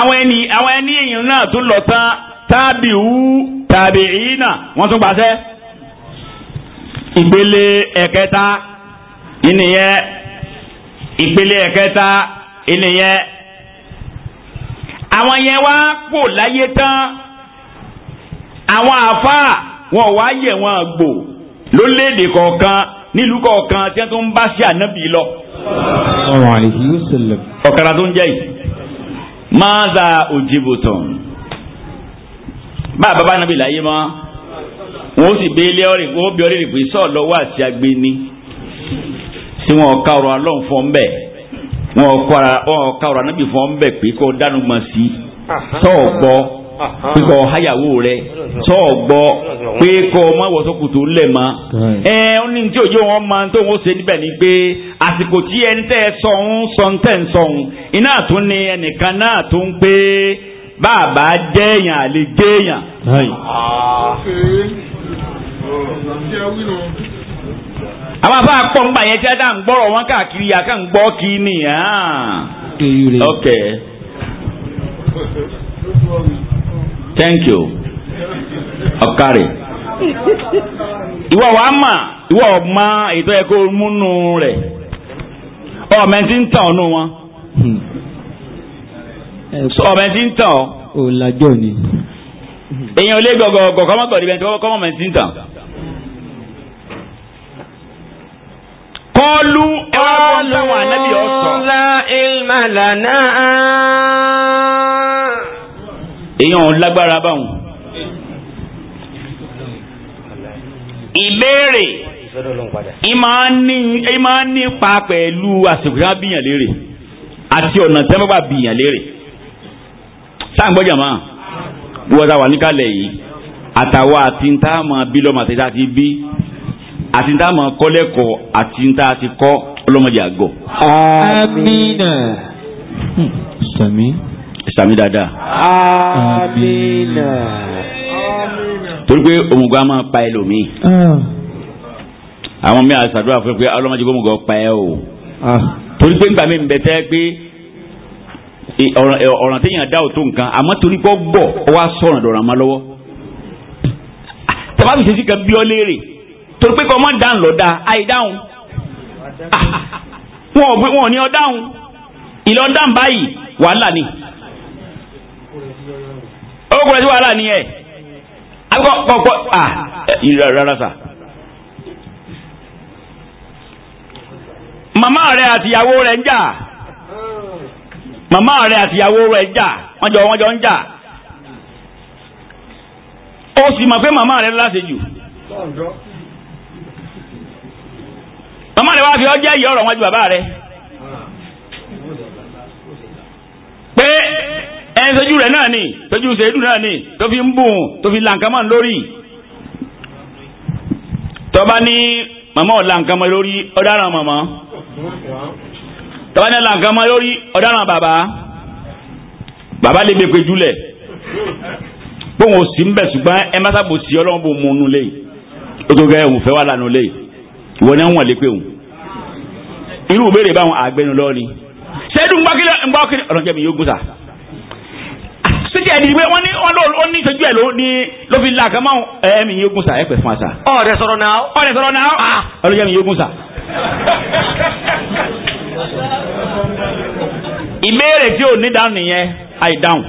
àwọn ẹni àwọn ẹni èèyàn náà tún lọ tán tábìú tàbíìnà wọ́n tún gbàṣẹ́ ìpele ẹ̀kẹta ìnìyẹn ìpele ẹ̀kẹta ìnìyẹn àwọn yẹn wá kò láyé tán àwọn àáfàá wọn ò wá yẹ wọn gbò lórílẹ̀‐èdè nílùú kọ̀ọ̀kan tí wọ́n tún bá sí ànábì lọ. ọ̀kadà tó ń jẹ́ yìí maza ojibotọn bá a bá bá nàbí láyé mọ́ wọ́n sì bí ilé ọ̀rẹ́ wọ́n bí ọ̀rẹ́ rẹ̀ pé sọ́ọ̀ lọ́wọ́ àti agbe ni tí wọ́n ká ọ̀rọ̀ alọ́n fọ́n bẹ́ẹ̀ wọ́n ká ọ̀rọ̀ anábì fọ́n bẹ́ẹ̀ pé kó dánú gbọ̀n sí sọ́ọ̀ gbọ́. kíkọ háyàwó rẹ sọ gbọ́ pé kọ ọmọ àwọsọkùtù lẹ mọ ẹ ó ní tí wọn máa tó wọn ṣe níbẹ̀ ni pé àsìkò tí ẹni tẹ́ ẹ sọ ń sọ ń tẹ̀ ń sọ ń iná ẹnìkan náà tún ń pé bàbá jẹ́ àlè jẹ́ àwọn afá pọ̀ ń tí a dá ń gbọ́rọ̀ wọn káàkiri àká ń gbọ́ kí nìyà. Ah. ok. thank you ọ̀kàrẹ̀ ìwọ wàá mà ìwọ ọ̀ma ètò ẹ̀kọ́ múnú rẹ̀ ọ̀mẹ́ntì ń tàn ọ́nú wọn ọ̀mẹ́ntì ń tàn ọ́ o lajọ ni. èèyàn ò lè gọgọgọ kọ́mọ gbọ̀dọ̀ ibẹ̀ tó kọ́mọ mẹ́tì ń tàn. kọ́lu ẹ̀rọ táwọn ànábì ọ̀sán. ọ̀la ilmà lànà èèyàn lágbára báwọn. ìbéèrè ìmáa nípa pẹ̀lú àsìkò tí wọ́n bìyàn léèrè àti ọ̀nà tí wọ́n bá bìyàn léèrè. sáà ń gbọ́jà máa wọ́n ta wà níkàlẹ̀ yìí àtàwọn àti ń tá àmọ́ bílọ́mù àti tá ti bí àti tá máa kọ́ lẹ́kọ̀ọ́ àti tá ti kọ́ ọlọ́mọdé àgọ́. àmín. sàmín sàmì dáadáa. amina. torí pé òmùgọ̀ a máa pa ẹlòmíì. Ah. àwọn mi àṣàdúrà fún ẹ pé ọlọ́mọdé kò òmùgọ̀ pa ẹ o. Ah. torí pé nígbà mi ń bẹ tẹ́ pé ọ̀ràn téèyàn dá òtó nǹkan àmọ́ torí kọ́ gbọ́ ọ wá sọ̀rọ̀ dọ̀rọ̀ àmọ́ lọ́wọ́. tàbá mi ṣe sí kan bí ọ léèrè torí pé kọ́ mọ́ dáhùn lọ́dà àìdáhùn wọn ò ní ọ dáhùn ìlọ dáhùn báyìí wàhálà ni. ọkùnrin tí wàhálà nìyẹn akọ kọkọ à rárá sà. màmá rẹ àtìyàwó rẹ ń jà màmá rẹ àtìyàwó rẹ ń jà wọ́n jọ wọ́n jọ ń jà ó sì mọ̀ pé màmá rẹ láṣẹ jù màmá rẹ wá fi ọjọ́ ìyá ọ̀rọ̀ wọn ju bàbá rẹ pé. ẹ̀ ń ṣojú rẹ̀ náà ni ṣojú ṣèdú náà ni tó fi ń bùn tó fi làǹkà mọ́ lórí tọ́ba ní màmá ọ̀ làǹkà mọ́ lórí ọ̀daràn màmá tọ́ba ní làǹkà mọ́ lórí ọ̀daràn bàbá bàbá lè gbèpè júlẹ̀ bóun ò sí ń bẹ̀ ṣùgbọ́n ẹ má sábò sí ọlọ́run bò mú un nulẹ̀ yìí ó fẹ́ wà lánàá lẹ̀ ìwọ ni wọ́n lè òun irú ìbéèrè báwọn àgbẹnu lọ́ọ́ ni ọ̀rọ̀ jẹ́mi yóò gùn tí wọn ní wọn ní ìṣojú ẹ ló ní ló fi làkàn máa ẹ mi yóò gùn sa ẹ pẹ fún wa sa. ọ̀rẹ́ sọ̀rọ̀ náà. ọ̀rẹ́ sọ̀rọ̀ náà. Ah. ọlọ́jà mi yóò gùn sa. ìbéèrè tí ní dáhùn nìyẹn àìdáhùn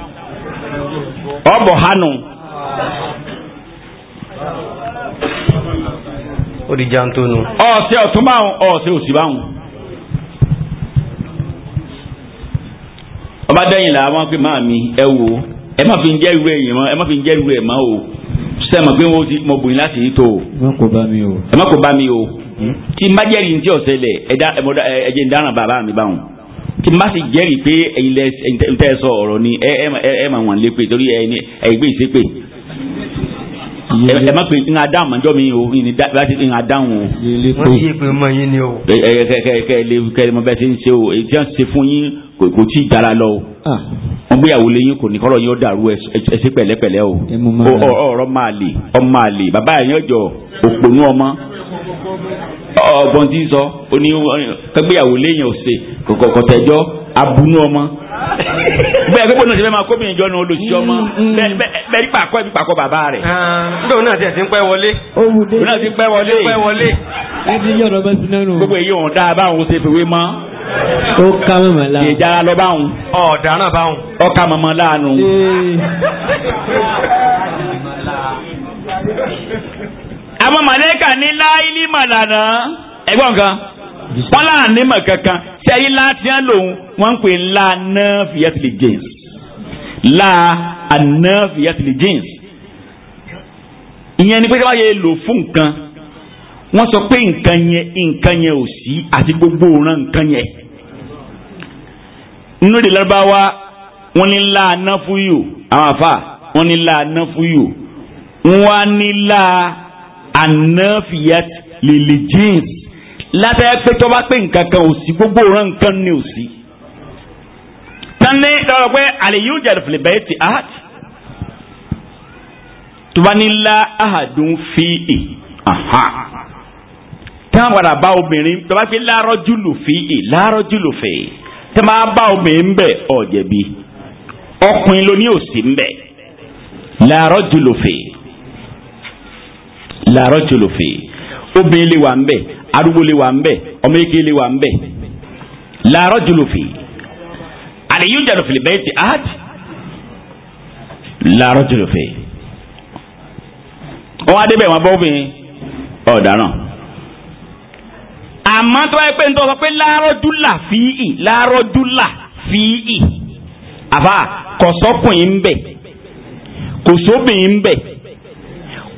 ọ̀bọ̀ hanu. ó di janto nu. ọ̀sẹ̀ ọ̀tún bá wọn ọ̀sẹ̀ òsì bá wọn. ọba dẹ́yìn làwọn pé máa mi ẹ ẹ má fi ń jẹ́ irú ẹ̀yìn mọ́ ẹ má fi ń jẹ́ irú ẹ̀ mọ́ o sẹ́mọ̀ pé wọ́n ti mọ bùn láti yìí tó o. ẹ má kó bá mi o. ẹ má kó bá mi o. Hmm? tí n bá jẹ́rìí ti ọ̀sẹ̀lẹ̀ ẹ̀jẹ̀ ń dáràn bàbá mi báwọn. tí n bá sì jẹ́rìí pé ẹ̀yin lẹ ń tẹ́ sọ ọ̀rọ̀ ni ẹ ẹ máa wọ̀n lé pé torí ẹ̀yin gbé ìsépè ẹ má pè ń ka dáhùn mọ́jọ́ mi o ń ka dáhùn o. wọ́n ti yé pé mọ yín ni o. ẹ kẹ kẹ kẹ lè kẹ mọ bẹ́ẹ̀ ṣe ń ṣe o èyí tí wọ́n ṣe fún yín kò tí ì dára lọ o. Ah. wọ́n gbéyàwó lẹ́yìn kò ní kọ́rọ̀ yín ó dàrú ẹ ṣe pẹ̀lẹ́pẹ̀lẹ́ o. ọ̀rọ̀ máa lè ọmọ àlè bàbá yẹn jọ òpònú ọmọ ọgbọ́n tí ń sọ ó ní kẹgbéyàwó lẹ́yìn ọ̀sẹ̀ kọ̀kọ̀tẹ̀jọ́ abunú ọmọ. bẹ́ẹ̀ pé bóun ṣe fẹ́ máa kóbìnrin jọ náà olùsí ọmọ mm, mm. bẹ́ẹ̀ nípa àkọ́ ẹbí pàkọ́ bàbá rẹ̀. Ah, nígbà òun náà ti ẹ̀sìn pẹ́ wọlé. òun náà ti pẹ́ wọlé. pẹ́ wọlé. ẹbí yọ̀rọ̀ bá sinú ẹnu. gbogbo èyí òun dáa báwọn ṣe fìwé mọ́. ó ká mọ̀mọ́ láàánú. ìjára lọ báwọn. ọ̀daràn báwọn. ó ká mọ̀mọ́ láàánú. àwọn màlẹ́kà ní láìlí màlànà ẹ̀gbọ́n kan wọn là ní mọ̀ kankan tí ayé láti hàn lòun wọ́n ń pè ńlá nọ́ọ̀fìyàtìlì james la anọ́ọ̀fìyàtìlì james ìyẹn ni pé sábà yẹ lò fún nǹkan wọ́n sọ pé nǹkan yẹn nǹkan yẹn ò sí àti gbogbo òran nǹkan yẹn nínú èdè lárúbáwá wọ́n ní ńlá anáfúyò àwọn àfà wọ́n ní ńlá anáfúyò wọ́n á ní ńlá anáfìyàtìlì james látàá pé tó bá pé nǹkan kan ò sí gbogbo òran nǹkan ni ò sí. tani lọ́rọ̀ pé àlèyé òjà ìfìlẹ̀ bẹ́ẹ̀ ti ahad tó bá ní la ahadun fi è táwọn padà bá obìnrin tó bá fi láàárọ̀ jùlù fi è láàárọ̀ jùlù fẹ̀ tó bá bá obìnrin bẹ̀ ọ̀jẹ̀bi ọkùnrin ló ní òsì ń bẹ̀ láàárọ̀ jùlù fẹ̀ láàárọ̀ jùlù fẹ̀ obìnrin lè wà ń bẹ̀ arúgbó lè wà ń bẹ̀ ọmọ eke lè wà ń bẹ̀ làárọ̀ jùlọfì àlèyún jàdọ̀fìlì bẹ́ẹ̀ ti àt làárọ̀ jùlọfì wọn adé bẹ́ẹ̀ wọn bọ́ obìnrin ọ̀daràn àmọ́ tó wáyé pé ń tọ́ sọ pé làárọ̀ dúlà fìyì làárọ̀ dúlà fìyì àfà kọ̀sọ́kùnrin ń kòsóbìnrin ń bẹ̀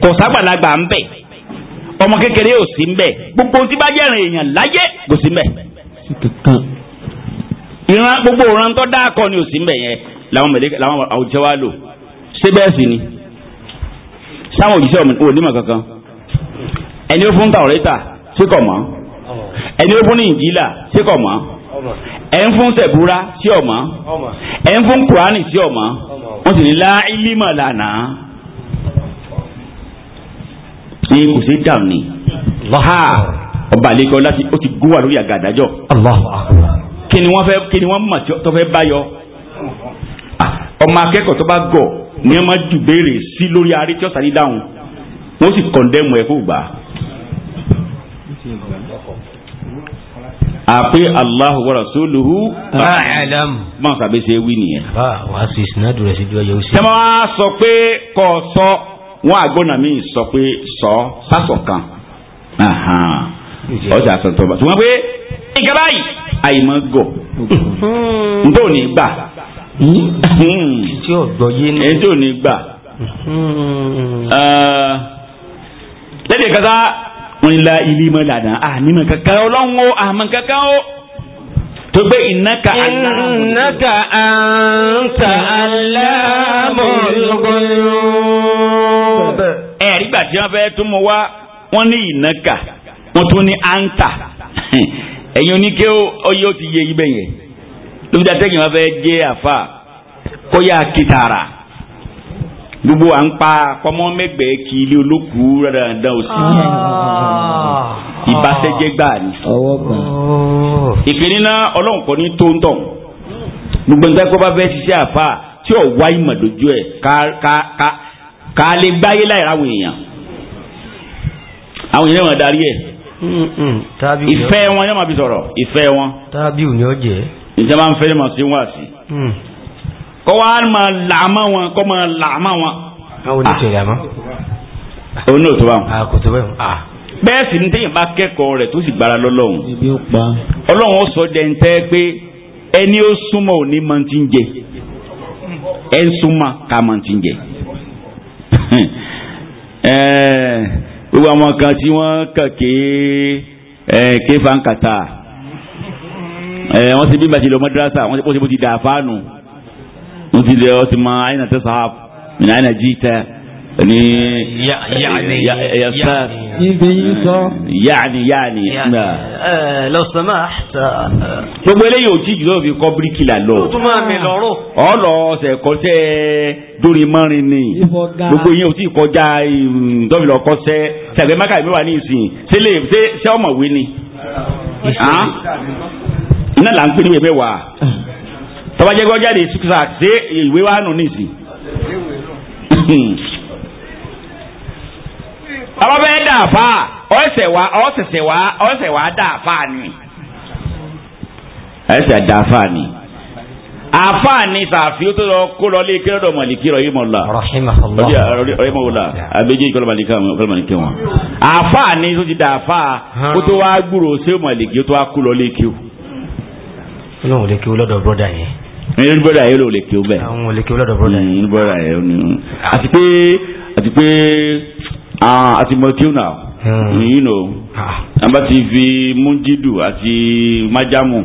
kọ̀ságbàlagbà ọmọ kékeré ò sí mbẹ gbogbo tí bá jẹ́ ìrìn èèyàn láyé kò sí mbẹ. ìran gbogbo ìran tó dáa kọ ni ò sí mbẹ yẹn làwọn mẹlẹkẹ làwọn àwùjọ wa lò ṣé bẹ́ẹ̀ sì ni sáwọn òjíṣẹ́ ọmọ òní mọ̀ kankan ẹni ó fún tàwọ́rẹ́tà sí kọ̀ mọ́ ẹni ó fún ní ìjìlá sí kọ̀ mọ́ ẹ̀ ń fún sẹ̀búra sí ọ̀mọ́ ẹ̀ ń fún kùránì sí ọ̀mọ́ wọ́n sì ní láìlímọ̀ lánàá sí kò sí dànù ni. ọba àlekọ láti ó ti gún wa lórí àgàdájọ. kí ni wọ́n fẹ́ kí ni wọ́n mọ̀ tó fẹ́ báyọ. Ah, ọmọ akẹ́kọ̀ọ́ tó bá gọ̀ ni wọ́n máa jù béèrè sí lórí arí tí ó sáré dáhùn wọ́n sì kọ̀ndẹ́mù ẹ̀ kó gbà á. àpé Allahu wa rasuluhu a'lam mọ̀ sàbẹ̀sẹ̀ wí nìyẹn. wàá sẹ́wọ́n á sọ pé kò sọ wọn àgbọ̀nà mi sọ pé sọ sásọ kan ọjà sọ tó bá tó wọn pé nǹkan báyìí àìmọ̀ gọ̀ hmm. ntò ní gbà tí ò gbọ́ yé ní. ètò ní gbà hmm. lẹ́yìn kata wọn la ilé mọ́ lànà ànímọ̀ kankan ọlọ́run ó àmọ́ kankan ó tó gbé ìnáka aláàmù. ìnáka àǹtà aláàmù lọ́gọ́yọ̀ ẹ̀rí gbà tí wọ́n fẹ́ tún mu wá wọ́n ní ìnáka wọ́n tún ní àǹkà ẹ̀yin oníke ọyẹ́ ó ti yé ibẹ̀ yẹn lóbi dá tẹ́yìn wọn fẹ́ jẹ́ àfa kọ́yà kìtàrà gbogbo à ń pa kọ́mọ́ mẹ́gbẹ̀ẹ́ kí ilé olókùú dáadáa ò sí ah. ìbáṣẹ́jẹ́ gbà ní. Oh. ìkíní náà ọlọ́run kọ́ ní tóńtọ̀ gbogbo nǹkan kó bá fẹ́ ṣiṣẹ́ àfa tí ò wá ìmọ̀ lójú ẹ̀ ká ká ká ká lè gbáyé láì ráwọ̀ èèyàn àwọn èèyàn wọn darí ẹ̀ mm, mm. ìfẹ́ wọn yóò máa fi sọ̀rọ̀ ìfẹ́ wọn. tábìlì ni ó jẹ́. ìjọba ń fẹ́ mọ̀ sí mm. wá sí. kọ́ wa máa làámà wọn kọ́ máa làámà wọn. àwọn oníṣẹ́ yà mọ́. òun ní òtún bá wọn. àkótó ah, bẹ́ẹ̀ wọn ah. bẹ́ẹ̀ sì ni téèyàn bá kẹ́kọ̀ọ́ rẹ̀ tó sì gbára lọ́lọ́run ọlọ́run ó sọ dẹ́ntẹ́ pé ẹni ó súnmọ́ òní máa ti ń jẹ ẹ ń súnmọ́ ká máa ti ń jẹ Eh, gbogbo àwọn kan tí wọ́n kàn ké eh, ké fankata eh, wọ́n ti bí bàtí lọ mọ́dúrásà wọ́n ti bó ti dà fáànù wọ́n ti lọ ti mọ àyìnà tẹ́sán àpò àyìnà jíìtẹ́ ní yàtà ibi yìí sọ. yaani yaani na. Eh, lọ́sọ̀mọ́ àṣà. Eh. gbogbo eléyìí ò tí jùlọ fi kọ́ bíríkìlà lọ. o tún máa mi lọ́rùn. ọ̀lọ́ ọ̀sẹ̀ kọ́sẹ́ dórí mọ́rin ni. gbogbo yẹn ò tí kọjá dọ́bìlọ mm, kọ́sẹ́ sàgbẹ́ máka ìmẹ́wà ní ìsìn sílẹ̀ ṣé ọmọwé ni. iná là ń pè ní ìwé wa. tọ́bajẹ́gbọ́jáde sùkúrà ṣé ìwé wa nù ní ìsìn. bàbá bẹ́ẹ̀ dà fà ọ̀sẹ̀ wá ọ̀sẹ̀sẹ̀ wá ọ̀sẹ̀ wá dà fà ni. ẹsẹ̀ dà fà ni. àfà ni sàfi ó tó lọ kó lọ lé kílódò màlìkí rọ yìí mọ̀ la. rahimahullah ọ̀la abéjì kọ́lọ̀ màlìkí wọn kọ́lọ̀ màlìkí wọn. àfà ni tó ti dà fà ó tó wá gbúrò sí màlìkí ó tó wá kó lọ lé kíw. olóhùn lè kíw lọ́dọ̀ bọ́dà yẹn ní brọ́dà yẹn ló lè kí o bẹ́ẹ̀. àwọn olè kí o ní àti pé àti pé àti ah, mọ̀tíù náà hmm. yìí nò nàbà ah. ti fi mújídù àti májàmù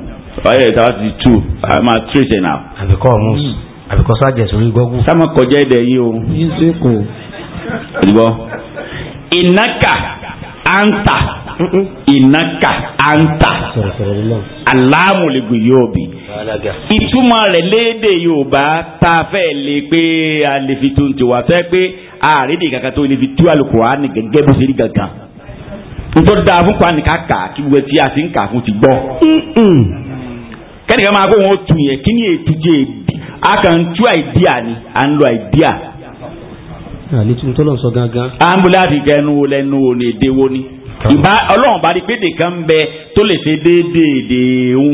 ọ̀yẹ́ ìta ti tù àmà tírèsè náà. àbíkọ́ ọ̀mú hmm. àbíkọ́ sájẹ̀ sórí gọ́gù. sáà máa kọjá ẹ̀dẹ̀ yìí o. yín ṣe kò. ìdìbò ìnáka anta ìnáka anta aláàmúlẹ̀gùn yóò bí ìtumọ̀ rẹ̀ léde Yorùbá tá a fẹ́ lè pé a lè fi tuntun wá fẹ́ pé àrídì kankan tó níbi tú Al-Qur'ani gẹ́gẹ́ bó ṣe rí gangan nítorí dáa fún kwani ká kà kí wọ́n ti àti ń fún ti gbọ́ kẹ́nìkan máa kó wọn tù yẹn kí ni ètù jẹ́ èdè a kàn tú àìdíà ni à ń lo àìdíà. àní tí n tọ́lọ̀ sọ gangan. ambulance kẹnu lẹnu ò ní èdè wo ni ìbá ọlọ́run bá rí pété kan bẹ tó lè ṣe déédéé dèéhùn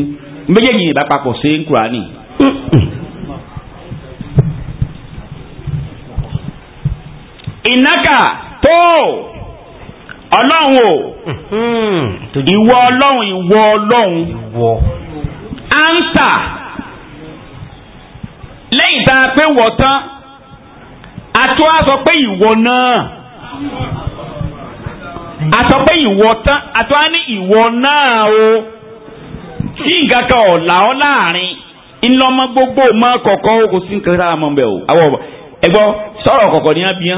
méjèèjì ìbá papọ̀ ṣe ń Kùránì. ìnáka tó ọlọ́run o hmm. ìwọ ọlọ́run ìwọ ọlọ́run ansa lẹ́yìn tá a pé wọ̀ tán a tó a sọ pé ìwọ náà a sọ pé ìwọ tán a a ní ìwọ náà o tí nǹkan kan ọ̀la láàrin gbogbo kọ̀ọ̀kan kò sí nǹkan bẹ́ẹ̀ o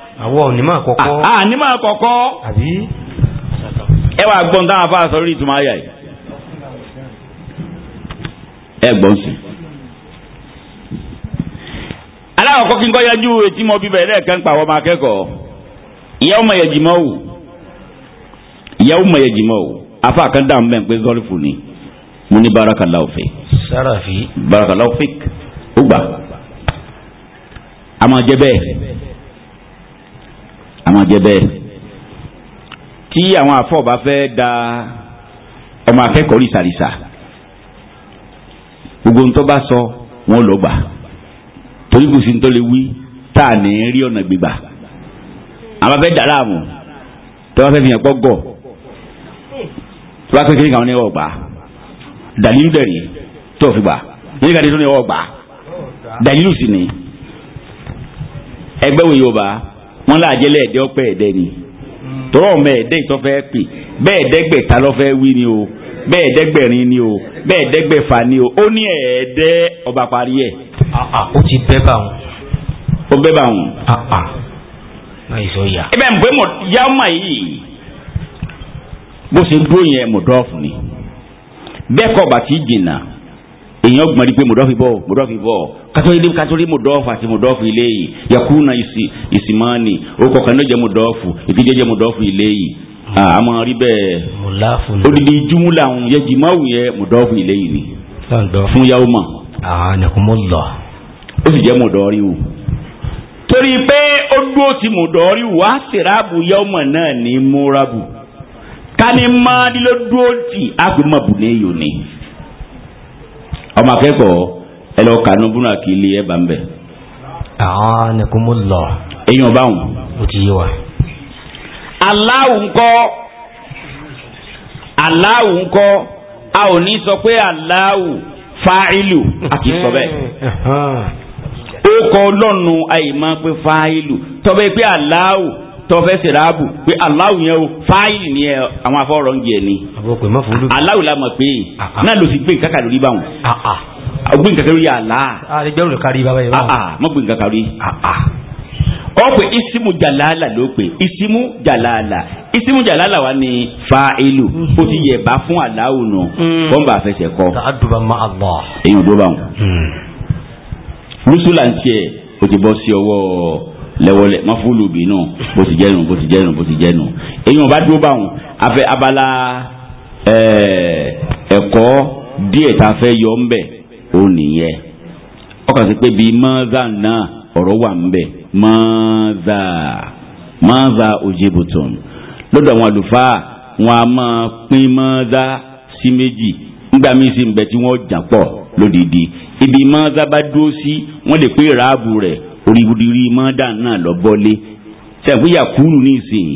àwọn onímọ̀ àkọ́kọ́. a onímọ̀ àkọ́kọ́. àbí. ẹ wàá gbọ́n táwọn afá sọ lórí ìtumọ̀ ayà yìí. ẹ gbọ́n sí. aláwọ̀kọ́ kí n kọ́ yanjú etí mọ́ bíbẹ̀ lẹ́ẹ̀kan pa àwọn ọmọ akẹ́kọ̀ọ́ ìyá ọmọ yẹn jìmọ̀ wò ìyá ọmọ yẹn jìmọ̀ wò afá kan dà mẹ́ pé zọ́lífù ni mo ní barakallahu fik. sarafi. barakallahu fik ó gbà. a máa bẹ́ẹ̀ àmọ́ jẹ́ bẹ́ẹ̀ tí àwọn àfọ̀bá fẹ́ da ọmọ akẹ́kọ̀ọ́ rìsàrìsà gbogbo ntọ́ bá sọ wọn lọ gbà torí kò sí ntọ́ lè wí tá à ní rí ọ̀nà gbígbà àwọn afẹ́ dàrá àmù tọ́ bá fẹ́ fi hàn pọ́ gọ̀ tọ́ bá fẹ́ kí ni káwọn ní ọgbà dàlílù dẹ̀rí tó fi gbà yìí ká ní tó ní ọgbà dàlílù sì ni ẹgbẹ́ wo Yorùbá wọn là jẹ́lẹ̀ ẹ̀dẹ́ ọ̀pẹ ẹ̀dẹ́ ni tọ́rọ̀ ọmọ ẹ̀dẹ́ ìtọ́fẹ́ pè bẹ́ẹ̀ dẹ́gbẹ̀ta lọ́fẹ́ wí ni o bẹ́ẹ̀ dẹ́gbẹ̀rin ni o bẹ́ẹ̀ dẹ́gbẹ̀fà ni o ó ní ẹ̀ẹ́dẹ́ ọba parí ẹ̀. Ah, ah, ó ti bẹ́ bá wọn. ó bẹ́ bá wọn. ibẹ̀ ń bẹ́ mọ̀ yá ọmọ yìí bó ṣe dúró yẹn mọ̀dọ́ọ̀fù ni bẹ́ẹ̀ kọ́ bàtí jìnnà èèyàn gbọ́n di pé mọ̀dọ́fì bọ̀ mọ̀dọ́fì bọ̀ kátó ilé kátó ilé mọ̀dọ́fù àti mọ̀dọ́fù ilé yìí yakuna ìsìmánì orúkọ kan ló jẹ́ mọ̀dọ́fù ìdíje jẹ́ mọ̀dọ́fù ilé yìí a máa rí bẹ́ẹ̀ odidi jumla ń yẹ jimáwù yẹ mọ̀dọ́fù ilé yìí ni fún yàwó ma. ó sì jẹ́ mọ̀dọ́rí o torí pé ó dúró ti mọ̀dọ́rí o á sèràbù yàwó ma náà ní múrabù ká ní máa dí ló dúró tì ọmọ akẹ́kọ̀ọ́ ẹ lọ kànú búnà kí ilé ẹ bá ń bẹ̀. àwọn ẹkún mo lọ. eyín ọba àwọn. o ti yé wa. aláwo ńkọ́ aláwo ńkọ́ a ò ní sọ pé aláwo fáìlù a kì í sọ bẹ́ẹ̀. ó kọ ọlọ́run àyè máa pé fáìlù tọ́bẹ̀ pé aláwo tọ́fẹ́ sẹ̀ráàbù pé aláwù yẹn o fáìlì ni ẹ àwọn afọ́rọ̀ ń jẹ ni aláwù la mọ̀ pé ah, ah. náà ló ti gbé nǹkan kan lórí bá wọn ah, gbé nǹkan kan lórí àlá mọ̀ gbé nǹkan kan lórí ọ isimu jalala ló pé isimu jalala isimu jalala wa ni fa'ilu o mm-hmm. ti yẹ bá fún aláwù nù wọn mm. bá fẹsẹ̀ kọ. ta'aduba ma Allah. èyí ò dó bá wọn. rusula hmm. ń o ti bọ́ sí ọwọ́ lẹ́wọ́lẹ́ mọ́fúlù bínú bó ti jẹ́nu bó ti jẹ́nu bó ti jẹ́nu èyí bá dúró báwọn afẹ́ abala ẹ̀kọ́ díẹ̀ tá a fẹ́ yọ ń bẹ̀ ó nìyẹn ọkàn sí pé bíi mọ́ọ́zà náà ọ̀rọ̀ wà ń bẹ̀ mọ́ọ́zà mọ́ọ́zà òjìbùtùn lọ́dọ̀ àwọn àlùfáà wọn a máa pín mọ́ọ́zà sí méjì nígbà míì sí ń bẹ tí wọ́n jà pọ̀ lódìdí ibi mọ́ọ́zà bá dúró sí wọ́n lè pín ìráàbù rẹ̀ oríwúdirí mọ́dà náà lọ bọ́lé sẹ́yìn pé yakulu ní ìsìn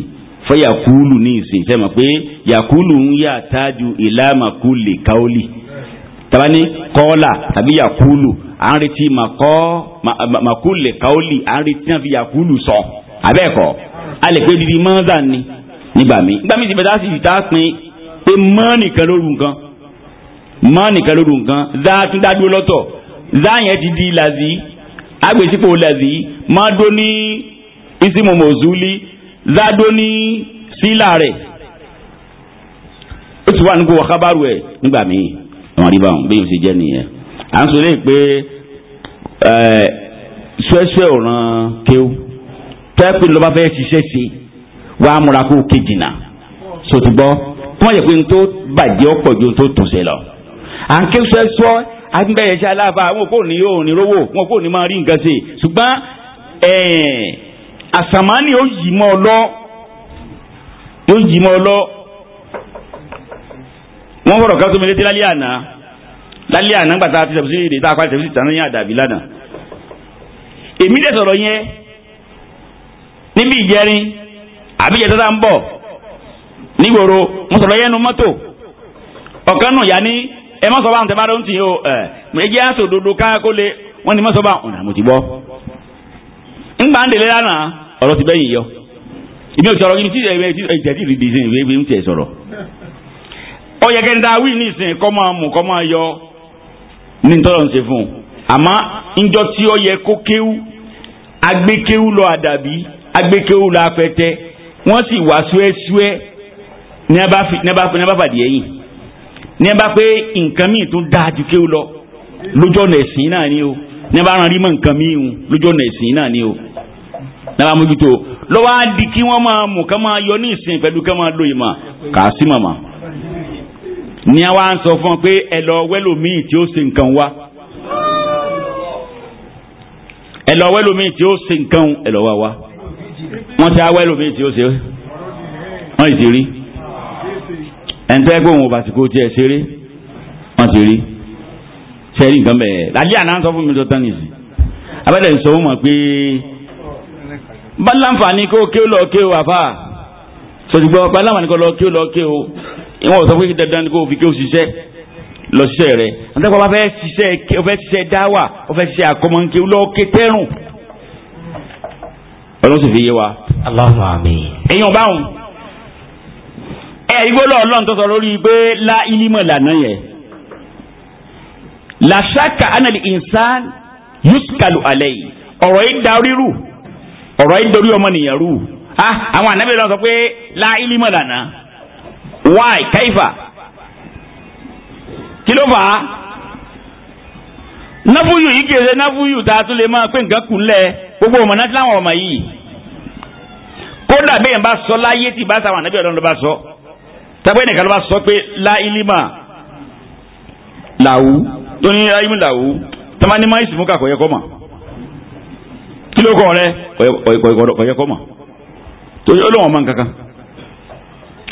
fẹ́ yakulu ní ìsìn sẹ́yìn mọ̀ pé yakulu ń yà tájú ìlàmàkulè káólì tabani kọ́ọ̀là tàbí yakulu à ń retí màkulè káólì à ń retí náà fi yakulu sọ abẹ́ẹ̀kọ́ a lè didi mọ́dà ni nígbà mi nígbà mi ti bẹ̀rẹ̀ láti ìta pin pé mọ́ nìkan lóru nǹkan mọ́ nìkan lóru nǹkan dáa tún dá dúró lọ́tọ̀ dáa yẹn ti di làzí agbèsípò lẹ́sí máa dó ní isimu mozuli zádó ní sílà rẹ̀ ó ti wà ní kó wọ́n kábàrù ẹ̀ nígbà míì àwọn àríwá ọ̀hún bí yóò ṣe jẹ́ nìyẹn à ń sọ lẹ́yìn pé ṣẹ́ṣẹ́ ọ̀ràn kéw tẹ́pẹ́ lọ́ba fẹ́ ṣiṣẹ́ sí wà á múra kó kejì sòtúbọ́ wọ́n yẹ pé tó bàjẹ́ ọ̀pọ̀ ju tó tùsẹ̀ lọ à ń kéw ṣẹ́ṣọ́ àgbẹ̀yẹ̀ ṣe aláfa wọn kò ní yóò ní rówó wọn kò ní máa rí nǹkan ṣe ṣùgbọ́n àsàmánì ó yí mọ́ ọ lọ yóò yí mọ́ ọ lọ wọ́n fọ̀rọ̀ kan tó mi létí lálẹ́ àná lálẹ́ àná gbàtà ti tẹ̀sí èdè tá a parí tẹ̀sí ìtàn ní àdàbí lánàá èmi dẹ̀ sọ̀rọ̀ yẹn níbi ìjẹrin àbíjẹ tó tá ń bọ̀ nígboro mo sọ̀rọ̀ yẹn nu mọ́tò ọ̀kan nù yá ní ẹ má sọ bá ń tẹ bá dọ́ ń tì yóò ẹ mẹ́jẹ́ àsòdodo káyákó lé wọ́n ní má sọ bá ọ̀nà mo ti gbọ́. ńgbà ń délé lánàá ọ̀rọ̀ ti bẹ́yìn yọ ìmí ò sọ̀rọ̀ yìí tí ìjẹ́ tí ìrìndì ìsìn ìwé ìwé ń tiẹ̀ sọ̀rọ̀. ó yẹ kẹ́ńdà wí ní ìsìn kọ́ máa mú kọ́ máa yọ ní tọ́lọ̀ ń ṣe fún un àmọ́ ńjọ tí ó yẹ kó kéwú agbékéwú lọ àdàbí agbékéwú lọ apẹtẹ wọ́n sì wá súẹ́súẹ́ ní abáfàdì ẹ̀yìn ní ẹ bá pé nǹkan míì tún dáa ju kéwù lọ lójú ọ̀nà ẹ̀sìn náà ni o ní ẹ bá ran rímọ̀ nǹkan míì hùn lójú ọ̀nà ẹ̀sìn náà ni o ní ẹ bá mójútó lọ́wọ́ á di kí wọ́n máa mú ká máa yọ ní ìsìn pẹ̀lú ká máa lo ìmọ̀ kà á sí màmá ní ẹ wá ń sọ fún ọ pé ẹ lọ wẹ́lòmíì tí ó ṣe nǹkan wá ẹ lọ wẹ́lòmíì tí ó ṣe nǹkan ẹ lọ wá wá wọ́n ti á wẹ́lòmíì tí ó ṣe wọ́n ì ẹ̀ńtẹ́ pé òun ò bàtìkó tiẹ̀ ṣeré wọ́n ti rí sẹ́rí nǹkan bẹ́ẹ̀ lálẹ́ àná sọ fún mi tó tán nìyí abẹ́lẹ̀ ń sọ wọ́n mọ̀ pé báláǹfààní kó kí ó lọ kí ó àfà sọ̀tùgbọ́ báláǹfààní kó lọ kí ó lọ kí ó ìwọ̀n sọ pé dandan kó fi kí ó ṣiṣẹ́ lọ ṣiṣẹ́ rẹ̀ àtẹ́kọ̀ọ́ bá fẹ́ ṣiṣẹ́ ó fẹ́ ṣiṣẹ́ dáwà ó fẹ́ ṣiṣẹ́ àkọ́mọ́nkẹ́ ó lọ kí tẹ́rùn ọlọ́sùn fi yé wa. Allahu àmín. èèyàn báwọn ẹ Ọlọ́run tó sọ lórí pé la ilimọ lànà yẹn làṣàkà anali insan yuskalu alẹyi ọ̀rọ̀ yìí da ọ̀rọ̀ yìí ọmọnìyàn rú ah àwọn ànábì Ọlọ́run sọ pé la ilimọ lànà kí ló fà á yìí tá a tún ọmọ náà ti láwọn ọmọ yìí kódà bẹ́ẹ̀ bá sọ láyé tí tẹ́gbẹ́ nìkan ló bá sọ pé láìlímà làwù tó ní láìlímà làwù tó máa ní máa ìsìnkú kà kọ̀yẹ́kọ́ mà kí ló kọ́ rẹ kọ̀yẹ́kọ́ mà tó yọ lọ́wọ́ máa ń kankan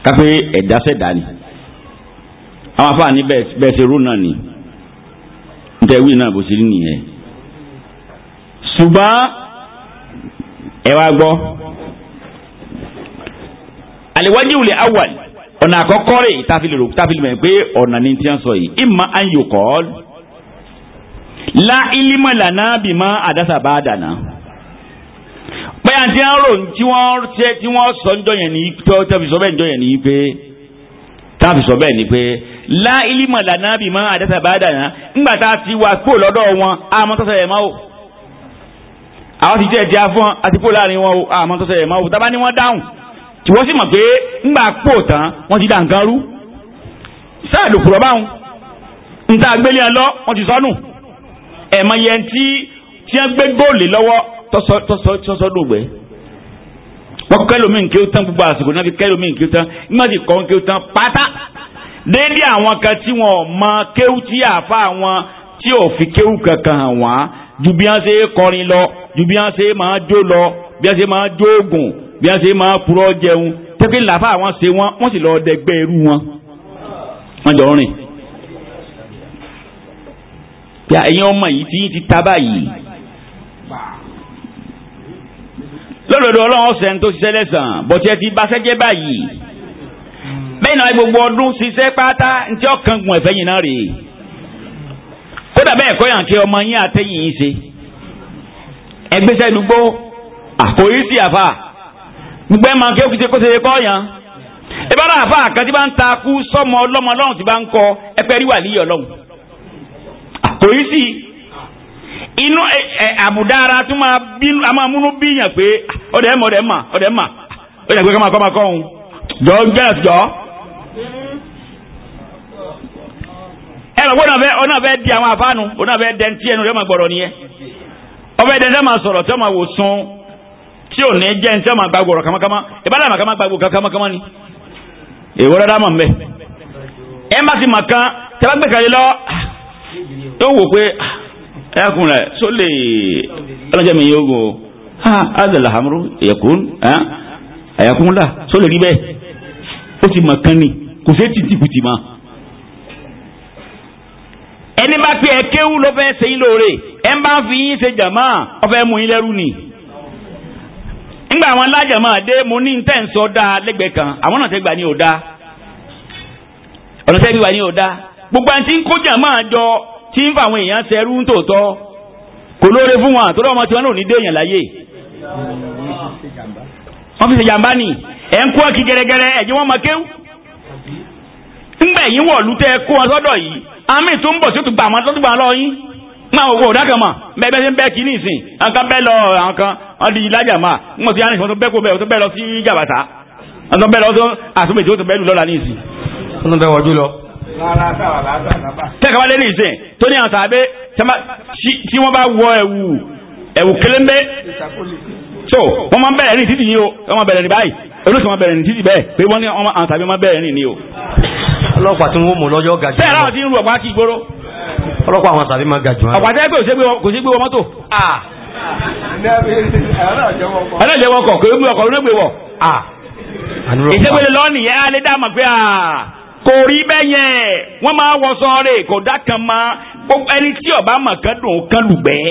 kápẹ́ ni àwọn afáàní bẹ́ẹ̀ ṣe rú náà ni nítorí wíì náà bó ṣe rí nìyẹn ṣùgbọ́n ẹ wá gbọ́ àlewájú ilẹ̀ awàlì ọ̀nà àkọ́kọ́ rẹ̀ táfìlì táfìlì mẹ́ pé ọ̀nà ni tí wọ́n sọ yìí ìmọ̀ ayòkọ́ la ilímọ̀ lànà bímọ àdásàbà dànà pé àti àrò tí wọ́n ṣe tí wọ́n sọ ńjọ yẹn ní tọ́fi sọ bẹ́ẹ̀ ńjọ yẹn ní pé táfi sọ bẹ́ẹ̀ ní pé la ilímọ̀ lànà bímọ àdásàbà dànà ńgbà tá a ti wà kó lọ́dọ̀ wọn àmọ́ tọ́sẹ̀ yẹn máa wò àwọn ti jẹ́ ẹ̀dí afọ́n àti kó láàrin wọn àmọ́ tọ́sẹ̀ yẹn máa wò tábà ní wọ́n dáhùn tí wọ́n sì mọ̀ pé ńgbà pò tán wọ́n ti dà nǹkan rú sáà kúrọ̀ báwọn níta gbélé ẹ lọ wọ́n ti sọnù ẹ̀mọ yẹn tí tí wọ́n gbé góòlì lọ́wọ́ tọ́sọ́dọ̀gbẹ́ wọ́n kọ́ kẹ́lómi nké tán gbogbo àsìkò náà fi kẹ́lómi nké tán nígbà tí kọ́ nké tán pátá déédéé àwọn kan tí wọn mọ kéwù tí àfa àwọn tí ò fi kéwù kankan wá ju bí wọ́n ṣe kọrin lọ ju bí wọ́n ṣe máa jó lọ bí wọ́n ṣe máa jó oògùn bí wọ́n ṣe máa purọ́ jẹun tẹ́kí làbá àwọn ṣe wọ́n wọ́n sì lọ́ọ́ dẹgbẹ́ irú wọn wọ́n jọ rìn. bí ẹ̀yin ọmọ yìí ti ti ta báyìí lọ́dọ̀dọ̀ ọlọ́run ọ̀sẹ̀ tó ṣiṣẹ́ lẹ́sàn bọ̀tí ẹ ti baṣẹ́ jẹ́ báyìí bẹ́ẹ̀ náà gbogbo ọdún ṣiṣẹ́ pátá ntí ọ̀kan gun ẹ̀fẹ́ yìí náà rèé kódà bẹ́ẹ̀ kọ́ yàn kí ọmọ yín àtẹ̀yìn yín ṣe ẹgbẹ́sẹ̀ dùgbò àkòrí sí àfà mgbe nke okuzi ekwesighi kọ ya ebe ọ na-afa àkàtì bá ń ta sọmọ ọlọmọ ọlọ́run ti bá ń kọ ẹpẹrí e wà líyọ ọlọ́run kò yí sí inú e, e, àbùdá ara tún máa bínú a máa múnú bíyàn pé ọdẹ ẹ mọ ọdẹ ẹ mà jọ ẹ lọ náà fẹ́ di àwọn ọ náà fẹ́ dẹ́ntì ẹnu rẹ̀ máa nìyẹn ọ dẹ́ntì ẹ̀ máa sọ̀rọ̀ tí wọ́n máa tí ò ní jẹ́ ntí ọmọ àgbàgbọ̀ ọ̀rọ̀ kàmákàmá ìbálẹ̀ àmàkà má gbàgbọ̀ kàmákàmá ni èèwọ̀ rẹ̀ dáàmà mbẹ́ ẹ má ti mà kan tẹ́lá gbé kalẹ̀ lọ tó wò pé ah, ẹ kùn rẹ̀ só lè ọlọ́jà mi yóò gò ah, ha azal hamru ẹ̀yẹkùn ah, ẹ̀yẹkùn la só lè rí bẹ́ẹ̀ ó ti mà kan ni kò sí títí kùtì mà ẹni bá pé ẹ kéwú ló fẹ́ sẹ́yìn lóore ẹ bá fi yín ṣe jàmá ọ fẹ́ mú yín lẹ́rú ni. nígbà àwọn alájọmọ́ dé mo ní tẹ́ ń lẹ́gbẹ̀ẹ́ kan àwọn náà tẹ́ gbà ní òdá ọ̀nà tẹ́ gbà ní òdá gbogbo àti ń kójà máa jọ tí ń fa àwọn èèyàn sẹ́rú ń tòótọ́ kò lóore fún wọn àtọ́rọ́ ọmọ tí wọn náà ní déèyàn láyé wọ́n fi ṣe ẹ̀ wọn máa yín kó wọn sọ́dọ̀ yìí àmì tó ń bọ̀ sí ti tó ti gbà lọ yín máa wò wò dákàmọ̀ bẹ́ẹ̀ wọ́n di ilájà máa wọ́n ti yánnì tó bẹ́ẹ̀ kó bẹ́ẹ̀ tó bẹ́ẹ̀ lọ sí jàbàtà tó bẹ́ẹ̀ lọ tó àtúmọ̀ ètò tó bẹ́ẹ̀ lù lọ́la ní ìsìn. wọ́n tún bẹ́ẹ̀ wọ́jú lọ. tẹ́ka wálé ní ìsìn tó ní àtà abẹ́ tí wọ́n bá wọ ẹ̀wù ẹ̀wù kélémbé so wọ́n máa bẹ̀rẹ̀ ní títì yìí o wọ́n máa bẹ̀rẹ̀ ní báyìí olóṣù máa bẹ̀rẹ̀ ní títì bẹ́ẹ̀ pé wọ́n ní àtà abẹ́ máa bẹ̀rẹ̀ ní o. ọlọ́pàá tí wọ́n mú lọ́jọ́ gàjú. bẹ́ẹ̀ láwọn ti ń ru ọ̀pá kí gbóró. ọlọ́pàá àwọn àtàbí máa gàjú. ọ̀pá tẹ́ pé kò sí gbé wọ mọ́tò ẹ̀rọ ìjẹ́wọ́ ọkọ̀ kò gbé ọkọ̀ olóògbé wọ̀ ìṣègbèlè lọ́ọ̀nì yẹn á lé dáàmà pé kò rí bẹ́ẹ̀ yẹn wọ́n máa wọ sọ́ọ̀rẹ́ kò dá kan mọ́ gbogbo ẹni tí ọba mọ̀ kan dùn kan lùgbẹ́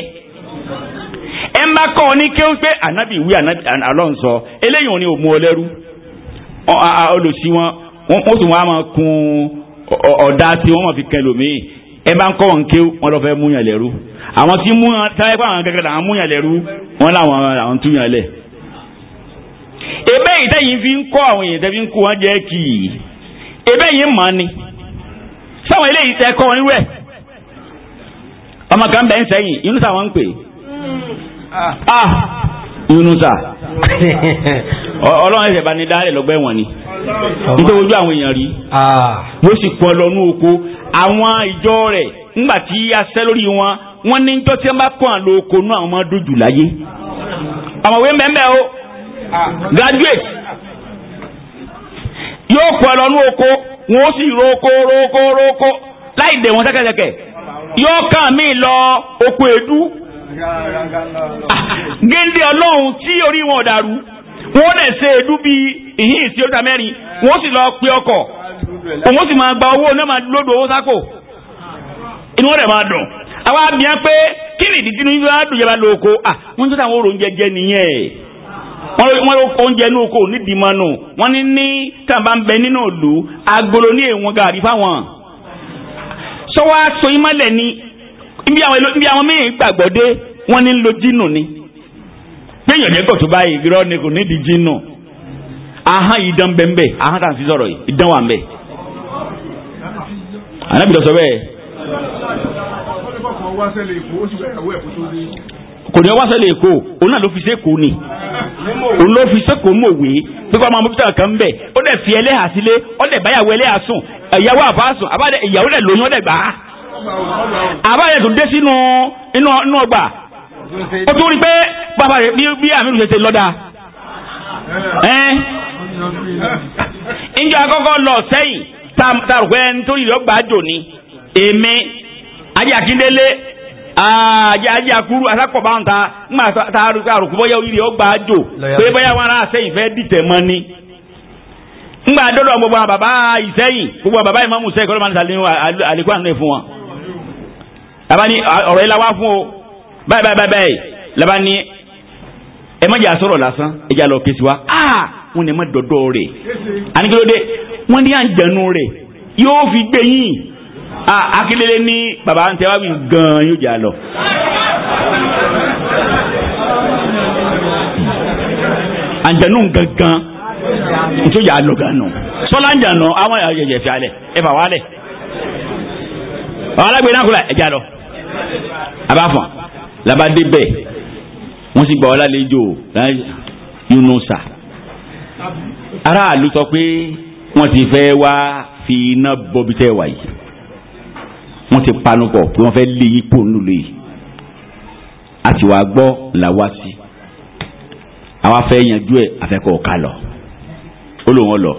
ẹ má kọ́ ọ ní kéwù pé ànábì wí àlọ́n sọ eléyìí ò ní òmu ọlẹ́rú olùsí wọn wọ́n tún wọ́n á máa kun ọ̀dà tí wọ́n máa fi kẹ́ lómi ẹ bá ń kọ́ wọn kéwù wọ́n lọ fẹ́ mú yàn lẹ́rú. àwọn tí mú táyé pé àwọn gẹ́gẹ́ làwọn mú yàn wọn làwọn àwọn tún yàn ebe yìí fi ń kọ́ àwọn èèyàn tẹ́fi wọn jẹ́ kì í ebe yìí mọ̀ ni sáwọn eléyìí tẹ́ kọ́ wọn ọmọ kan bẹ̀ ń sẹ́yìn wọn ń pè Inú ah. ah, Yunusa ọlọ́run ẹ̀sẹ̀ bá ní dálẹ̀ lọ́gbẹ́ wọn ni nítorí ojú àwọn èèyàn rí ah. sì pọn oko a sẹ́ lórí wọ́n ní njọ́ tí wọ́n bá kọ́ àwọn lóko náà àwọn máa dojú láyé ọ̀mọ̀wé mẹ́mẹ́ o graduate yóò kọ́ ẹ lọ́nu oko wọ́n sì roko roko roko láì dẹ̀ wọ́n sẹ́kẹ̀sẹ̀kẹ̀ yóò kàn mí lọ oko èédú géńdé ọlọ́run tí orí wọn dàrú wọ́n lè ṣe èédú bíi ìhín ìsí ọ̀dà mẹ́rin wọ́n sì lọ pe ọkọ̀ òun sì máa gba owó náà máa lódò owó sáko inú rẹ̀ máa dùn àwa bíyàn pé kí ni ìdí tí ah, ní wàá dùn yàrá lóko à wọ́n tó táwọn oúnjẹ jẹ nìyẹn wọ́n ló oúnjẹ inú oko nídìí mọ́ nù wọ́n ní ní tàbá ń bẹ nínú òlu agolo ní èèwọ̀n gàrí fáwọn. sọ́wọ́ aṣọ ìmọ̀lẹ̀ ni ibi àwọn mí-ín gbàgbọ́ ní lo jínù ni. téèyàn jẹ́ kò tó báyìí irọ́ ni kò nídìí jínù. ahán ìdán bẹ́ẹ̀ bẹ́ẹ̀ tà ń fi sọ̀rọ̀ yìí ìdán wà ń bẹ́ẹ̀. ànábìdọ̀ sọ bẹ́ẹ̀ wá sẹ́lẹ̀ èkó ó sì bẹ̀rẹ̀ ìyàwó ẹ̀kú tó dé. kò ní wá sẹ́lẹ̀ èkó òun náà ló fi sẹ́kọ̀ọ́ ni òun ló fi sẹ́kọ̀ọ́ mọ̀wé pípa ọmọ mọ́tò kan bẹ̀ ó dẹ̀ fi ẹlẹ́hà sílé ó dẹ̀ báyàwó ẹlẹ́hà sùn ìyàwó àbá sùn ìyàwó dẹ̀ lóyún ó dẹ̀ gbà á. àbá yẹn tún dé sínú inú ọgbà ó tún rí pé bàbá rẹ̀ bí àmì ṣe ṣe lọ́dà ìjọ eh. àkọ́kọ́ lọ sẹ́yìn tá a rò pé ẹni tó yìí ọgbà àjò ni èmi ajé akíndélé ajé ajé akuru asakọba ń ta ńgbà tá àrùkú bóyá orí rẹ̀ ó gbà á jò pé bóyá wọn ará sẹ́yìn fẹ́ dìtẹ̀ mọ́ ni ńgbà dọ́dọ̀ gbogbo àwọn bàbá ìsẹ́yìn gbogbo àwọn bàbá ìmọ̀mù sẹ́yìn kọ́lọ́ máa ń sàlẹ̀ àlékún àná fún wọn. bàbá ni ọ̀rọ̀ yìí la wá fún o báyìí báyìí báyìí làbá ni ẹ má jẹ́ àsọ̀rọ̀ lásán ẹ jẹ́ àlọ́ kéṣi wa wọn ni ẹ má dọ́dọ̀ rẹ̀ àníkélódé wọn ní àǹjẹ̀nu rẹ̀ yóò fi gbẹ̀yìn Ah, akíndélé ní baba ń wa wí gan-an yóò jà lọ. àǹjẹ̀nù gangan ètò yà á lọ gan-an sọlá ń jànà àwọn àjẹjẹ fi alẹ ẹ fà wálẹ àwọn alágbèrè náà kúrò ẹ jà lọ abáfọn labade bẹ́ẹ̀ wọn sì gba ọlá lẹ́jọ́ yunusa aráàlú sọ pé wọn ti fẹ́ wá fi iná bọbi tẹ wáyé wọ́n ti panupọ̀ pé wọ́n fẹ́ lé yípo nílùú yìí a sì wá gbọ́ là wá sí àwa fẹ́ yanjú ẹ̀ àfẹ́kọ̀ ọ̀ka lọ ó lò wọ́n lọ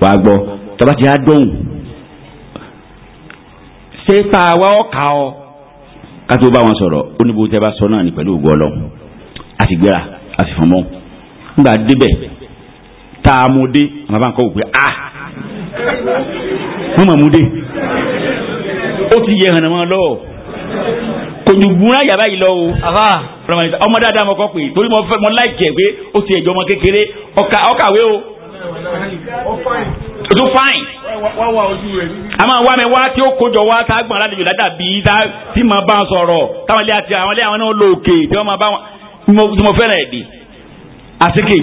wàá gbọ́ tọ́ba ti á dóhùn ṣé tá a wá ọ̀ka ọ ká tó bá wọn sọ̀rọ̀ ó ní bó tẹ́ bá sọ náà ní pẹ̀lú ògùn ọlọ́run a sì gbéra a sì fọ́n nígbà débẹ̀ tá a mú dé bàbá nǹkan wò pé a wọ́n mọ̀ dé ó ti yẹ hànàmọ́ lọ kò ju búra yàrá yìí lọ o. ọmọ dáadáa mọ̀ kọ́ pé torí mo fẹ́ mo láì jẹ́ pé ó ti ẹ̀jọ̀ ọmọ kékeré ọkàwé o. o tún fáìn. a máa wá mi wá tí ó kojọ wá tá a gbọ́n aládùúgbò dáadáa bí tá tí màá bá wọn sọ̀rọ̀ táwọn ilé àti àwọn ilé àwọn náà lò òkè tí wọ́n máa bá wọn tí mo fẹ́ràn ẹ̀ dì. àti kì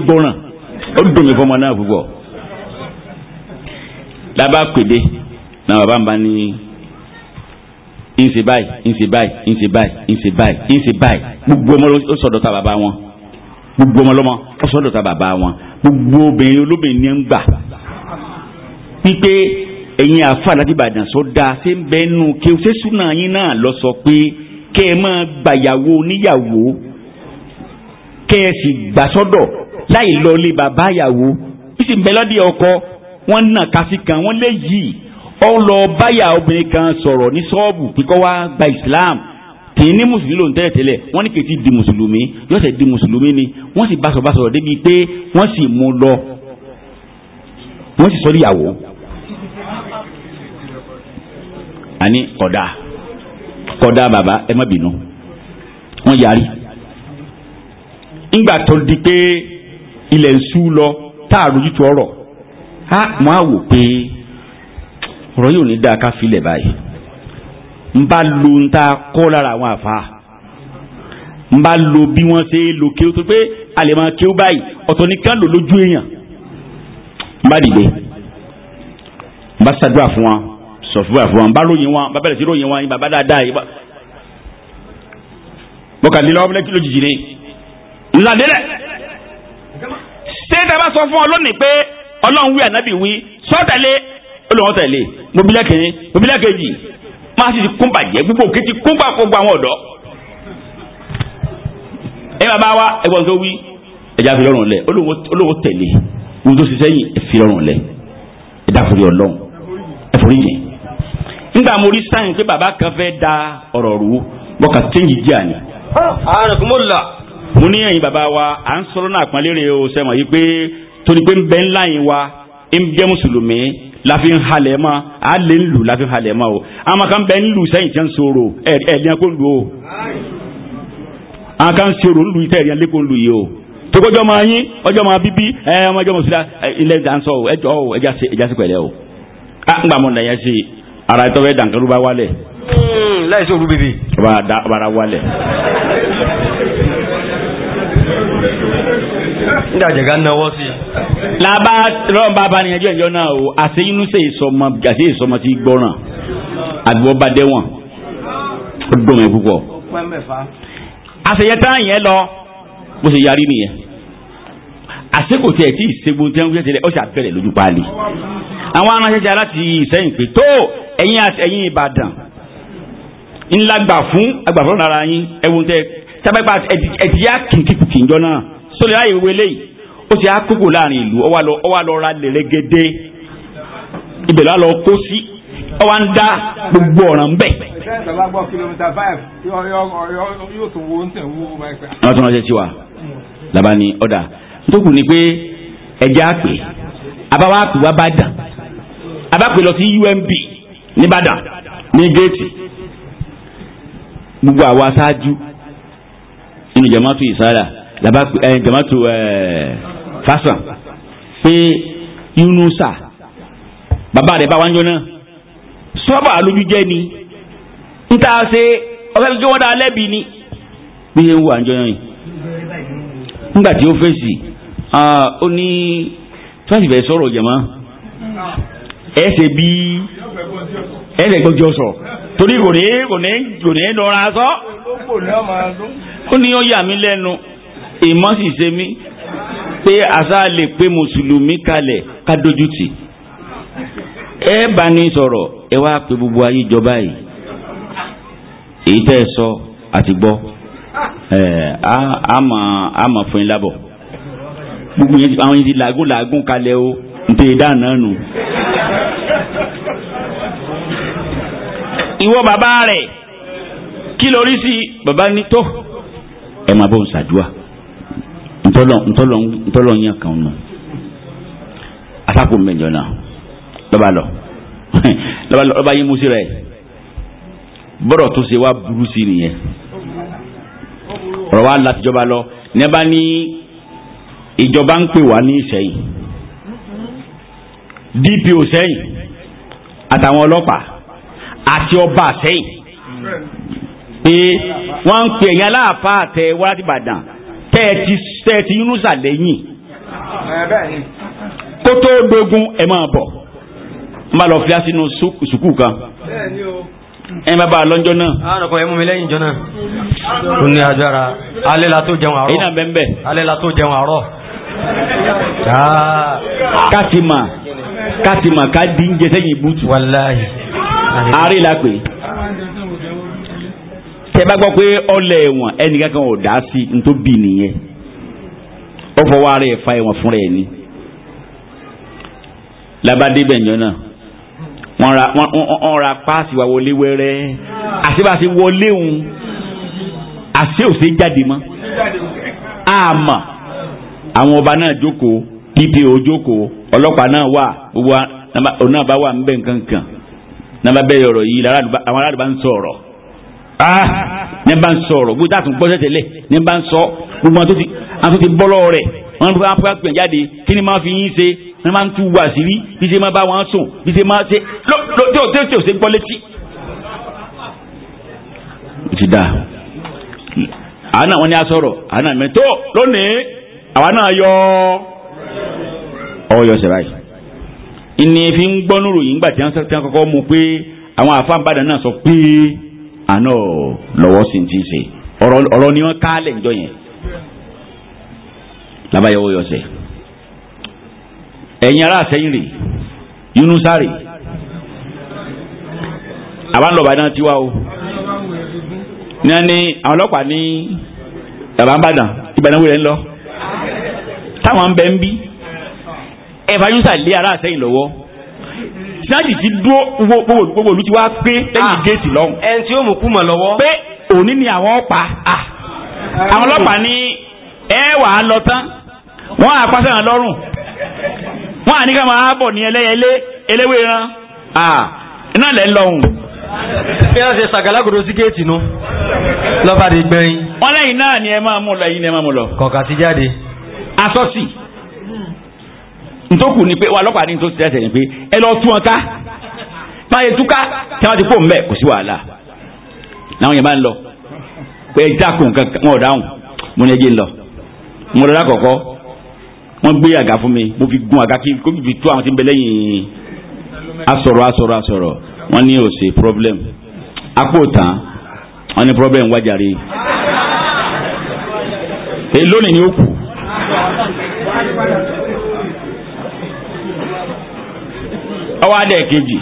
ó dùn mí fọmọ náà púpọ̀. lábàá pèdé náà bàbá mi bá ní ìǹsì báyìí ìǹsì báyìí ìǹsì báyìí ìǹsì báyìí ìǹsì báyìí gbogbo ọmọ ló sọ̀dọ̀ ta bàbá wọn gbogbo ọmọ lọ́mọ ó sọ̀dọ̀ ta bàbá wọn gbogbo obìnrin olóbìnrin ni ń gbà pípé ẹ̀yin àfa láti Ìbàdàn sọ́dá ṣé ń bẹ́ nù kí ṣé súnà yín náà lọ sọ pé kẹ́ ẹ máa gbàyàwó níyàwó kẹ́ ẹ sì gbà sọ́dọ̀ láì lọ lé bàbá yàwó bí sì ń bẹ lọ́dẹ ọkọ wọ́n nà kásì wọ́n lé yìí ó lọ báyà obìnrin kan sọ̀rọ̀ ní sọ́ọ̀bù kíkọ́ wá gba Islam tì í ní mùsùlùmí lòun tẹ́lẹ̀ tẹ́lẹ̀ wọ́n ní kìí ti di mùsùlùmí yóò ṣe di mùsùlùmí ni wọ́n sì báṣọ báṣọ débi pé wọ́n sì mú lọ wọ́n sì sọ níyàwó. àní kódà kódà bàbá ẹ má bínú wọ́n yarí. ńgbà tó di pé ilẹ̀ ń sú lọ tá a ọ̀rọ̀ á mọ́ àwò pé ọ̀rọ̀ yóò ní dáa ká filẹ̀ báyìí n bá lo n ta kọ́ lára àwọn àfa n bá lo bí wọ́n ṣe lo kí o tó pé alẹ́ máa kí o báyìí ọ̀tọ̀ ní ká lò lójú èèyàn n bá dìde n bá ṣàdúrà fún wọn sọ̀fúnwà fún wọn n bá ròyìn wọn bá bẹ̀rẹ̀ sí ròyìn wọn bàbá dáadáa yìí mo kà nílò ọmọdé kìló jìjì ni ńlá délẹ̀ ṣé dábàá sọ fún ọ pé ọlọ́run wí ànábì wí sọ́dọ̀lẹ́ ó lọ́wọ́ tẹ̀lé mo bí lẹ́kìnrin mo bí lẹ́kẹ̀jì máa sì ti kún bàjẹ́ gbogbo òkè ti kún bá gbogbo àwọn ọ̀dọ́. ẹ bàbá wa ẹ̀gbọ́n tó wí ẹja fi lọ́rùn lẹ̀ olówó tẹ̀lé ohun tó ṣe sẹ́yìn ẹ fi lọ́rùn lẹ̀ ẹ dáforí Ọlọ́run ẹ forí yẹn. nígbà mo rí sáyìn pé bàbá kan fẹ́ da ọ̀rọ̀ rú bọ́kà téèyàn jíà ni. mo ní ẹ̀yin bàbá wa à ń sọ̀rọ̀ láfi ń halẹ̀ mọ́ a lè ń lù láfi ń halẹ̀ mọ́ o àwọn kan bẹ ń lù sẹ́yìn tí ń sọ̀rọ̀ ẹ̀ẹ́dìyàn kò lù o àwọn kan sọ̀rọ̀ ń lù yìí tẹ̀ẹ̀dìyàn lé kò lù yìí o togojọ́ máa yín ọjọ́ máa bíbí ẹ ọmọ ọjọ́ mọ̀síra ilẹ̀ ìdánsọ o ẹjọ́ o ẹjá sí ẹjá sí pẹ̀lẹ́ o a ń gbà mọ̀ nàyẹn sí ara ìtọ́fẹ́ dànkẹ́rú bá wálẹ̀. Hmm, láìsí olú bèbè. ọba ara wálẹ̀. nígbà jẹ̀gá náwó sí. làbá rọ́n bá bá ní ẹjọ́ ìjọ náà o àṣẹ inú ṣe ìsọmọ àṣẹ ìsọmọ ti gbọ́ràn àgbọ̀ bá dẹ́wọ̀n ó dùn mí púpọ̀. àṣeyẹ tán yẹn lọ bó ṣe yarí nìyẹn àṣẹ kò tiẹ̀ tí ìṣègùn tí wọ́n fi ṣẹlẹ̀ ó ṣe àbẹ̀rẹ̀ lójú paálí. àwọn aránṣẹ́ṣẹ́ aláti ìsẹ́yìn pé tó ẹ̀yin ẹ̀yin Ìbàdàn ńlá gbà fún agbàfọ́nà ara yín ẹ̀wọ̀n tẹ tábàgbà ẹ̀dìyà kìkìkì ìjọ náà tó lè ráyè wíwé léyìí ó ti á láàrin ìlú ọwọ́ lọ ra lèrègede ibẹ̀ lọ́wọ́ lọ kó sí ń gbogbo ọ̀ràn bẹ̀. wọ́n tún ránṣẹ́ sí wa laba ni ọ̀dà ntókù ni pé ẹ̀jẹ̀ wá bá dàn lọ sí UMB gbogbo aṣáájú inú laba ẹ eh, jamatu ẹ eh, fasan pé yunusa bàbá rẹ̀ bá wájú náà sọ́bà lójú jẹ́ ni níta ṣe ọ̀fẹ́ kí wọ́n dá lẹ́bi ni bí yẹn wù àjọ yẹn nígbà tí ó fèsì ó ní o ni, sì fẹ́ sọ̀rọ̀ jẹ̀mọ́ ẹ ṣe bí ẹ ṣe gbọ́dọ̀ sọ torí kò ní kò ní kò ní lọ́ra sọ ó ní ó yà mí lẹ́nu ìmọ̀ sì ṣe mí pé àṣà lè pé mùsùlùmí kalẹ̀ ká dojú tì ẹ bá ní sọ̀rọ̀ ẹ wá pé gbogbo ayé jọba yìí èyí tẹ́ ẹ sọ àti gbọ́ ẹ àmọ̀ àmọ̀ fún yín lábọ̀ gbogbo yẹn àwọn yẹn ti làágùn làágùn kalẹ̀ o ntẹ̀ dáná nù. ìwọ bàbá rẹ̀ kí lórí sí bàbá ní tó ẹ máa bọ̀ ń ṣàdúrà ntọ́lọ̀ ntọ́lọ̀ ntọ́lọ̀ yẹn kan nù asako mẹjọ náà lọ́ba lọ lọ́ba lọ lọ́ba yín musu rẹ̀ bọ́dọ̀ tó ṣe wá burú sí nìyẹn ọ̀rọ̀ wa láti jọba lọ nígbà ní ìjọba ń pè wá ní ìsẹ́yìn DPO sẹ́yìn àtàwọn ọlọ́pàá àti ọba sẹ́yìn pé wọ́n ń pè yẹn aláàfáà tẹ wá láti ẹ ti tẹ́ ẹ ti yunusa lẹ́yìn kó tó dogun ẹ máa bọ̀ n lọ fi sínú kan ẹ má bá a lọ́jọ́ náà. jọ náà. ní alẹ́ la tó jẹun àárọ̀. iná bẹ́ẹ̀ bẹ́ẹ̀. la tó jẹun àárọ̀. ká jẹ sẹ́yìn la tẹ bá gbọ́ pé ẹ̀wọ̀n ẹnìkan kan ò ó fọwọ́ ara ẹ̀ fa ẹ̀wọ̀n fúnra ẹ̀ ni labade bẹ̀yàn náà wọ́n ra wọ́n ra páàsì wa wọlé wẹ́rẹ́ àṣebàṣe wọlé òun àṣe òṣè jáde mọ́ àmọ́ àwọn ọba náà jókòó dpo jókòó ọlọ́pàá náà wà gbogbo àwọn náà bá wà ń bẹ̀ nǹkan kan náà bá bẹ̀rẹ̀ ọ̀rọ̀ yìí àwọn aráàlú ah, bá ń sọ ọ̀rọ̀ ní bá ń sọ ọ̀rọ̀ gbogbo táà tún gbọ́ ní bá ń sọ gbogbo àwọn tó ti bọ́ lọ́wọ́ rẹ̀ wọn bá fẹ́ pẹ̀ jáde kí ni máa fi yín ṣe wọn máa ń tú wà sí rí bí ṣe máa bá wọn sùn bí ṣe máa ṣe lóòótọ́ tí ò ṣe gbọ́ létí. ti da àánà wọn ni a sọ̀rọ̀ àánà mi tó lónìí àwa náà yọ ọ yọ sẹ̀ráì ìní fi ń gbọ́ nùrù yìí ńgbà tí wọ́n kọ́kọ́ mú pé àwọn àfa náà sọ pé àná lọ́wọ́ sí ti ṣe ọ̀rọ̀ ni wọ́n kálẹ̀ ńjọ yẹn labayẹwo yọsẹ ẹ̀yin ara sẹ́yìn rè yunusa rè àbálọba náà tiwa o nani àwọn ọlọ́pàá ní baba nbàdàn ìbànúwò rẹ ń lọ táwọn bẹ ń bí ẹ̀fà yunusa lé ara sẹ́yìn lọ́wọ́ jáde ti dúró gbogbo olú ti wá pé lẹ́yìn ah, géètì lọ́hùn. ẹni tí ó mú kú mọ̀ lọ́wọ́. pé òní ni àwọn ọ̀pá ah, àwọn ọlọ́pàá ní ẹ wà á lọ tán wọ́n á pàṣẹ hàn lọ́rùn wọ́n á ní ká máa bọ̀ ní ẹlẹ́yẹlé eléwé ran iná lẹ́ ń lọ́hùn. bí wọ́n ṣe ṣàgàlágòdò sí géètì nu lọ́ba di gbẹ̀yìn. wọ́n lẹ́yìn náà ni ẹ máa mú lọ yìí ni ẹ máa mú lọ. kọ̀ọ̀kan ti jáde. asọ́sì ntókù ni pé wà lọ́pàá ní ntókù tẹ́sẹ̀ ni pé ẹ lọ tú wọn ká báyìí túká tí wọ́n ti pò mbẹ́ kò sí wàhálà làwọn yẹn bá ń lọ pé ẹ dákun kankan wọn ò dáhùn mo ní ẹ jẹ́ ń lọ. mo lọ lákọ̀ọ́kọ́ wọ́n gbé àga fún mi mo fi gun àga kí kó fi tó àwọn tí ń bẹ lẹ́yìn asọrọ asọrọ asọ̀rọ̀ wọ́n ní ò sí problem apò tán wọ́n ní problem wájàre èyí lónìí ni ó kù. ọwọ́ adé kejì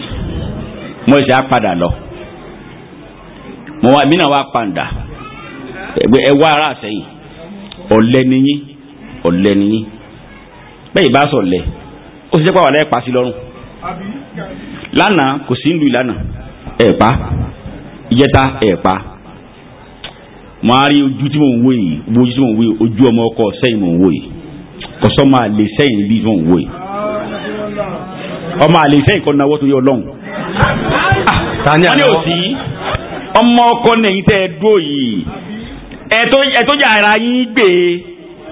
mo ṣe apadà lọ mo wá mí náà wá pàǹdà ẹ wá ara àsẹyìn ọ̀lẹ ni yín ọ̀lẹ ni yín bẹ́ẹ̀ bá sọ ọ̀lẹ ó sì jẹ́ pé àwọn aláìpa sí lọ́rùn lánàá kò sí ìlú ìlànà ẹ̀ pa ìjẹta ẹ̀ pa mo á rí ojú tí mò ń wò yìí mo ojú tí mò ń wò yìí ojú ọmọ ọkọ sẹ́yìn mò ń wò yìí kọ̀sọ́ máa lè sẹ́yìn bí mò ń wò yìí ọmọ àlè sẹ́yìn kọ́ náwó tó yọ lọ́hùn. wọ́n ní òsì ọmọ ọkọ nẹ̀yìn tẹ́ ẹ dúró yìí ẹ̀tọ́ yàrá yín gbé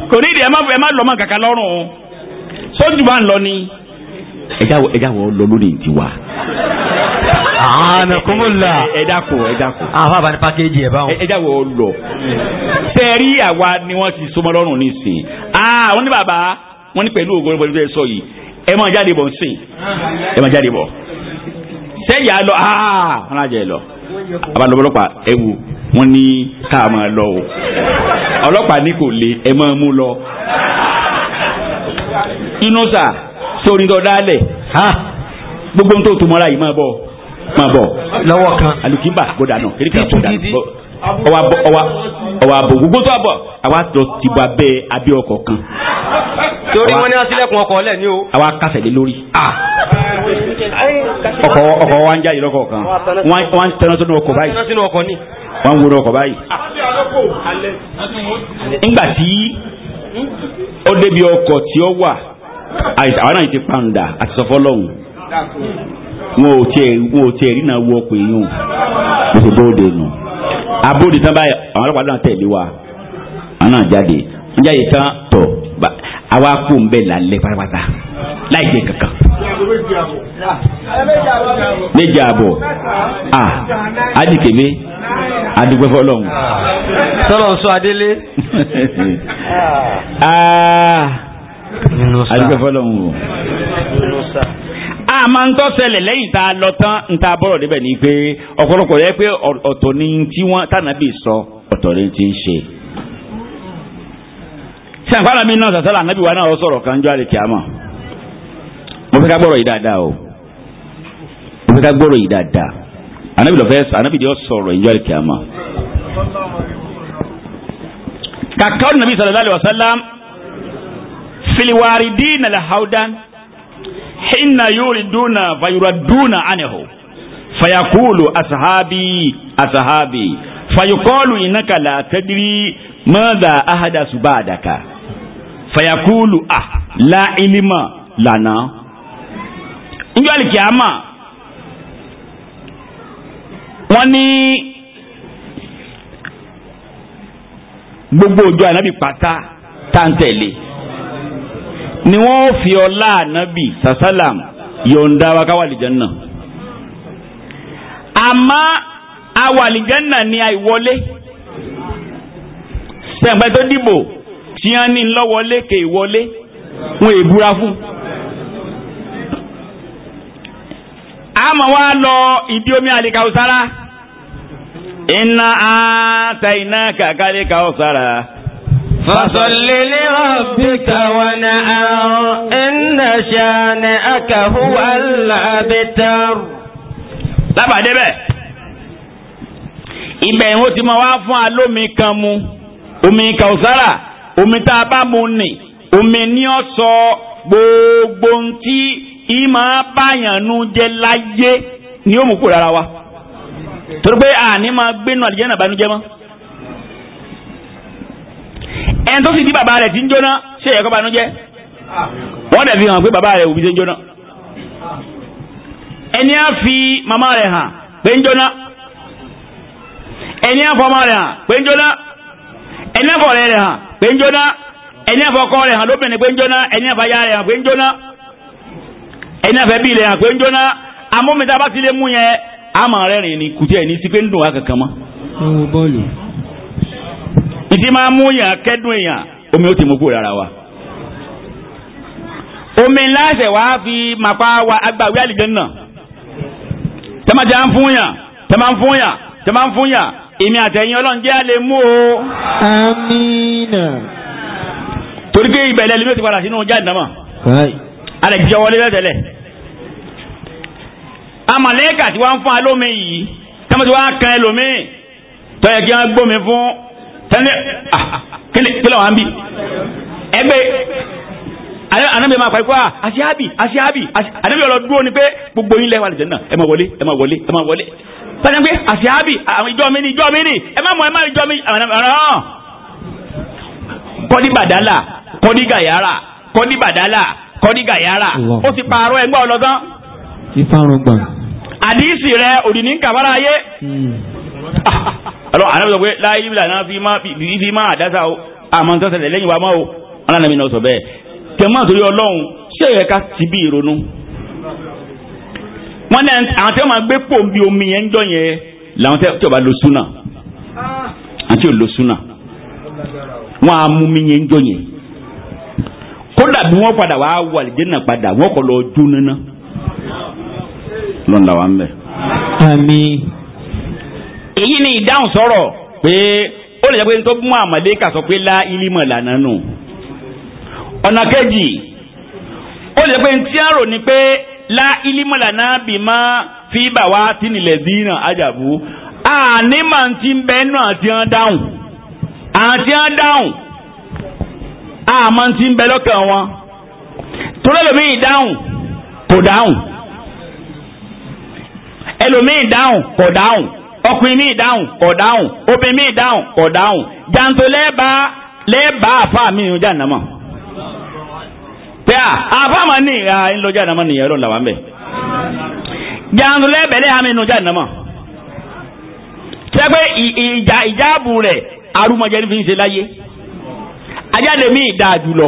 e kò ní ìdí ẹ má lọ mọ kàkà lọ́rùn sójú bá ń lọ ni. ẹja wọ ẹja wọ lọ lónìí ti wá. àmì kúmùlà. ẹja kò ẹja kò. àwọn àbáni pàkéjì ẹ báwọn. ẹja wọ lọ. sẹ́ẹ̀rí àwa ni wọ́n ti sọmọ lọ́rùn nísìn. àwọn ní bàbá wọn ní pẹ̀lú ògo pẹ̀lú sọ yìí ẹ máa jáde bọ̀ nsìn ẹ máa jáde bọ̀. sẹ́yà lọ aa wọn lọ. àbálòpọ̀lọpọ̀ ẹ wù wọ́n ní ká máa lọ o ọlọ́pàá ní kò le ẹ máa mú lọ. inú sà sórí tó dálẹ̀ ha gbogbo ohun tó tún mọ́ra yìí máa bọ̀ máa bọ̀. lọ́wọ́ kan alùkìbà gbọ́dọ̀ àná erékà gbọ́dọ̀ àná ọwọ abọ ọwọ ọwọ abọ gbogbo tó abọ àwa tó ti bọ abẹ abẹ ọkọ kan. torí wọn ní wọn tilẹ̀kùn ọkọ lẹ ni o. àwa kásẹ̀ lé lórí. ọkọ ah. ọkọ wa ń jáde lọ́kọ̀ kan wọn tẹnu ọkọ̀ báyìí. wọ́n ń ọkọ ọkọ̀ báyìí. nígbà tí ó débi ọkọ̀ tí ó wà àwọn náà ti pàǹdà àti sọ fọlọ́hún wọn ò tiẹ̀ wọn ò tiẹ̀ rí náà wọ ọkọ̀ èèyàn bó bóde nù. abóde tán báyìí àwọn àwa kò ń bẹ̀ lálẹ́ pátápátá láì jẹ kankan. méje àbọ̀ ah, a adìkèmé adúgbò fọlọ́hún. tọ́lọ̀ sọ adélé. adúgbò fọlọ́hún o. a máa ń tọ́ ṣẹlẹ̀ lẹ́yìn tá a lọ tán ń ta bọ́rọ̀ débẹ̀ ni pé ọ̀pọ̀lọpọ̀ yẹ pé ọ̀tọ̀ ni tí wọ́n tànàbì sọ ọ̀tọ̀ ni tí ń ṣe sàǹfàrà mi náà sàṣàlà ànábì wa náà ọ sọ̀rọ̀ kan jọ àlè kìámà mo fẹ́ ká gbọ́rọ̀ yìí dáadáa o mo fẹ́ ká gbọ́rọ̀ yìí dáadáa ànábì lọ́fẹ́ ànábì yóò sọ̀rọ̀ ìjọ àlè kìámà. kàkà ọ̀nà nàbí sallallahu alaihi wasallam filiwaridina lahawdan hinna yuriduna fayuraduna anihu fayakulu asahabi asahabi fayukolu inaka la tadiri mada ahadasu baadaka fayakulu ah la ilima lana njọ alikiyama wọ́n ní gbogbo ọjọ́ anabi pátá táǹtẹ̀lé ni wọ́n fi ọlá anabi sasalam yọ̀ǹda wa ká ama awali àwàlìjánná ni àìwọlé sẹ̀ǹpẹ́ dibo tí wọ́n ní lọ́wọ́lé kè wọlé wọn èbúra fún. àmọ́ wa lọ ìdí omi àlìkàwùsára iná àtàyìnà kàkàlẹ̀ kàwùsára. فصل لربك ونأر إن شانئك هو الأبتر lábà débẹ̀ ibẹ̀ ìwọ́n ti máa wá fún alómi kan mu omi Kausara omi tá a bá mu nì omi gbogbo ntí ìmọ̀ báyànnú jẹ́ láyé ni ó mú kúrò wa torí pé àní máa gbénu àdìjẹ́ náà bánújẹ́ mọ́ ẹni tó sì di bàbá rẹ̀ ti ń jóná ṣé ẹ̀yẹ́ bánújẹ́ wọ́n dẹ̀ fi hàn pé bàbá rẹ̀ òbí ti ń jóná ẹni á fi màmá rẹ̀ hàn pé ń jóná ẹni á fọ ọmọ rẹ̀ hàn pé ń jóná ẹni á pé ń jóná ẹni àfọkọ rẹ̀ hàn lóbìnrin pé ń jóná ẹni àfàyà rẹ̀ hàn pé ń jóná ẹni àfẹ́bí rẹ̀ hàn pé ń jóná amómitá bá ti lé mú yẹn àmọ̀ rẹ̀ rìn ní kùtì ẹ̀ sí pé ń dùn wá wa. omi láṣẹ wá fi màpá wa agbáwé náà jẹ́ à ń fún yàn ń èmi àtẹ̀yìn ọlọ́run jẹ́ àlè mú o. amiina. torí pé ìbẹ̀lẹ̀ ló ti padà sínú jáìdámà. alẹ́ jẹ́ wọlé lẹ́tẹ̀lẹ̀. amàlẹ́kà tí wọ́n ń fún alómi yìí tẹ́mọ̀ tí wọ́n á kan ẹlòmíì tọ́yẹ kí wọ́n gbómi fún tẹ́lẹ̀ kílẹ̀ wọ́n á bì. ẹgbẹ́ anabi ma pariwo aa asiabi asiabi anabi ọlọdun ni pé gbogbo yín lẹ wà lẹsẹ náà ẹ ma wọlé ẹ ma wọlé ẹ ma wọlé tọ́jú pé àṣìábì àwọn ìjọ mi ni ìjọ mi ni ẹ má mọ ẹ má ìjọ mi ràn. kọ́dí bàdálà kọ́dí gàyàrà kọ́dí bàdálà kọ́dí gàyàrà ó ti pààrọ̀ ẹgbẹ́ ọlọ́gán. ìparun gbọ̀n. àdìsí rẹ òdì ní kàbára ayé. àlọ́ hmm. àná sọ pé láyé ìlànà fi máa fi máa àdáṣà o àmọ́ nǹkan ṣẹlẹ̀ lẹ́yìn wa mọ́ o aláǹdàmí náà sọ bẹ́ẹ̀ tẹ̀mọ́ àtòrí ọlọ́run ṣé ẹ̀ka ti bí ìrònú wọ́n ní àwọn tí wọ́n máa gbé pò bí omi yẹn ń dọ̀ yẹn làwọn tí wọ́n bá lo súnà àti ò lo súnà wọ́n á mú mi yẹn ń dọ̀ yẹn kódà bí wọ́n padà wàá wà lè jẹ́nà padà wọ́n kọ́ lọ jó nínú lọ́nà wa ń bẹ̀. àmín. èyí ni ìdáhùn sọ̀rọ̀ pé ó lè jẹ́ pé tó mú àmọ̀dé kà sọ pé lá ilé mọ̀ lànà nù ọ̀nà kejì ó lè jẹ́ pé tí a rò pé la ilimala náà bì má fi bà wá ajabu àní màá ti bẹ́ nù àti hàn dáhùn àti hàn dáhùn àmọ́ ti bẹ́ lọ́kàn wọn torí ẹlòmíì dáhùn kò dáhùn ẹlòmíì dáhùn kò dáhùn ọkùnrin míì dáhùn kò dáhùn obìnrin míì dáhùn kò dáhùn jàǹtò lẹ́ẹ̀bá àfa mi ò jà pé àbámọ̀ ní ìhà ńlọjà nàmọ́ nìyẹn ló làwọn bẹ̀. jàǹdù lẹ́bẹ̀lẹ́ àmì ìnùjà nàmọ́. sẹ́gbẹ́ ìjà ìjáàbù rẹ̀ arúmọjẹ ní fi ń ṣe láyé. ajáde mi ìdá jùlọ.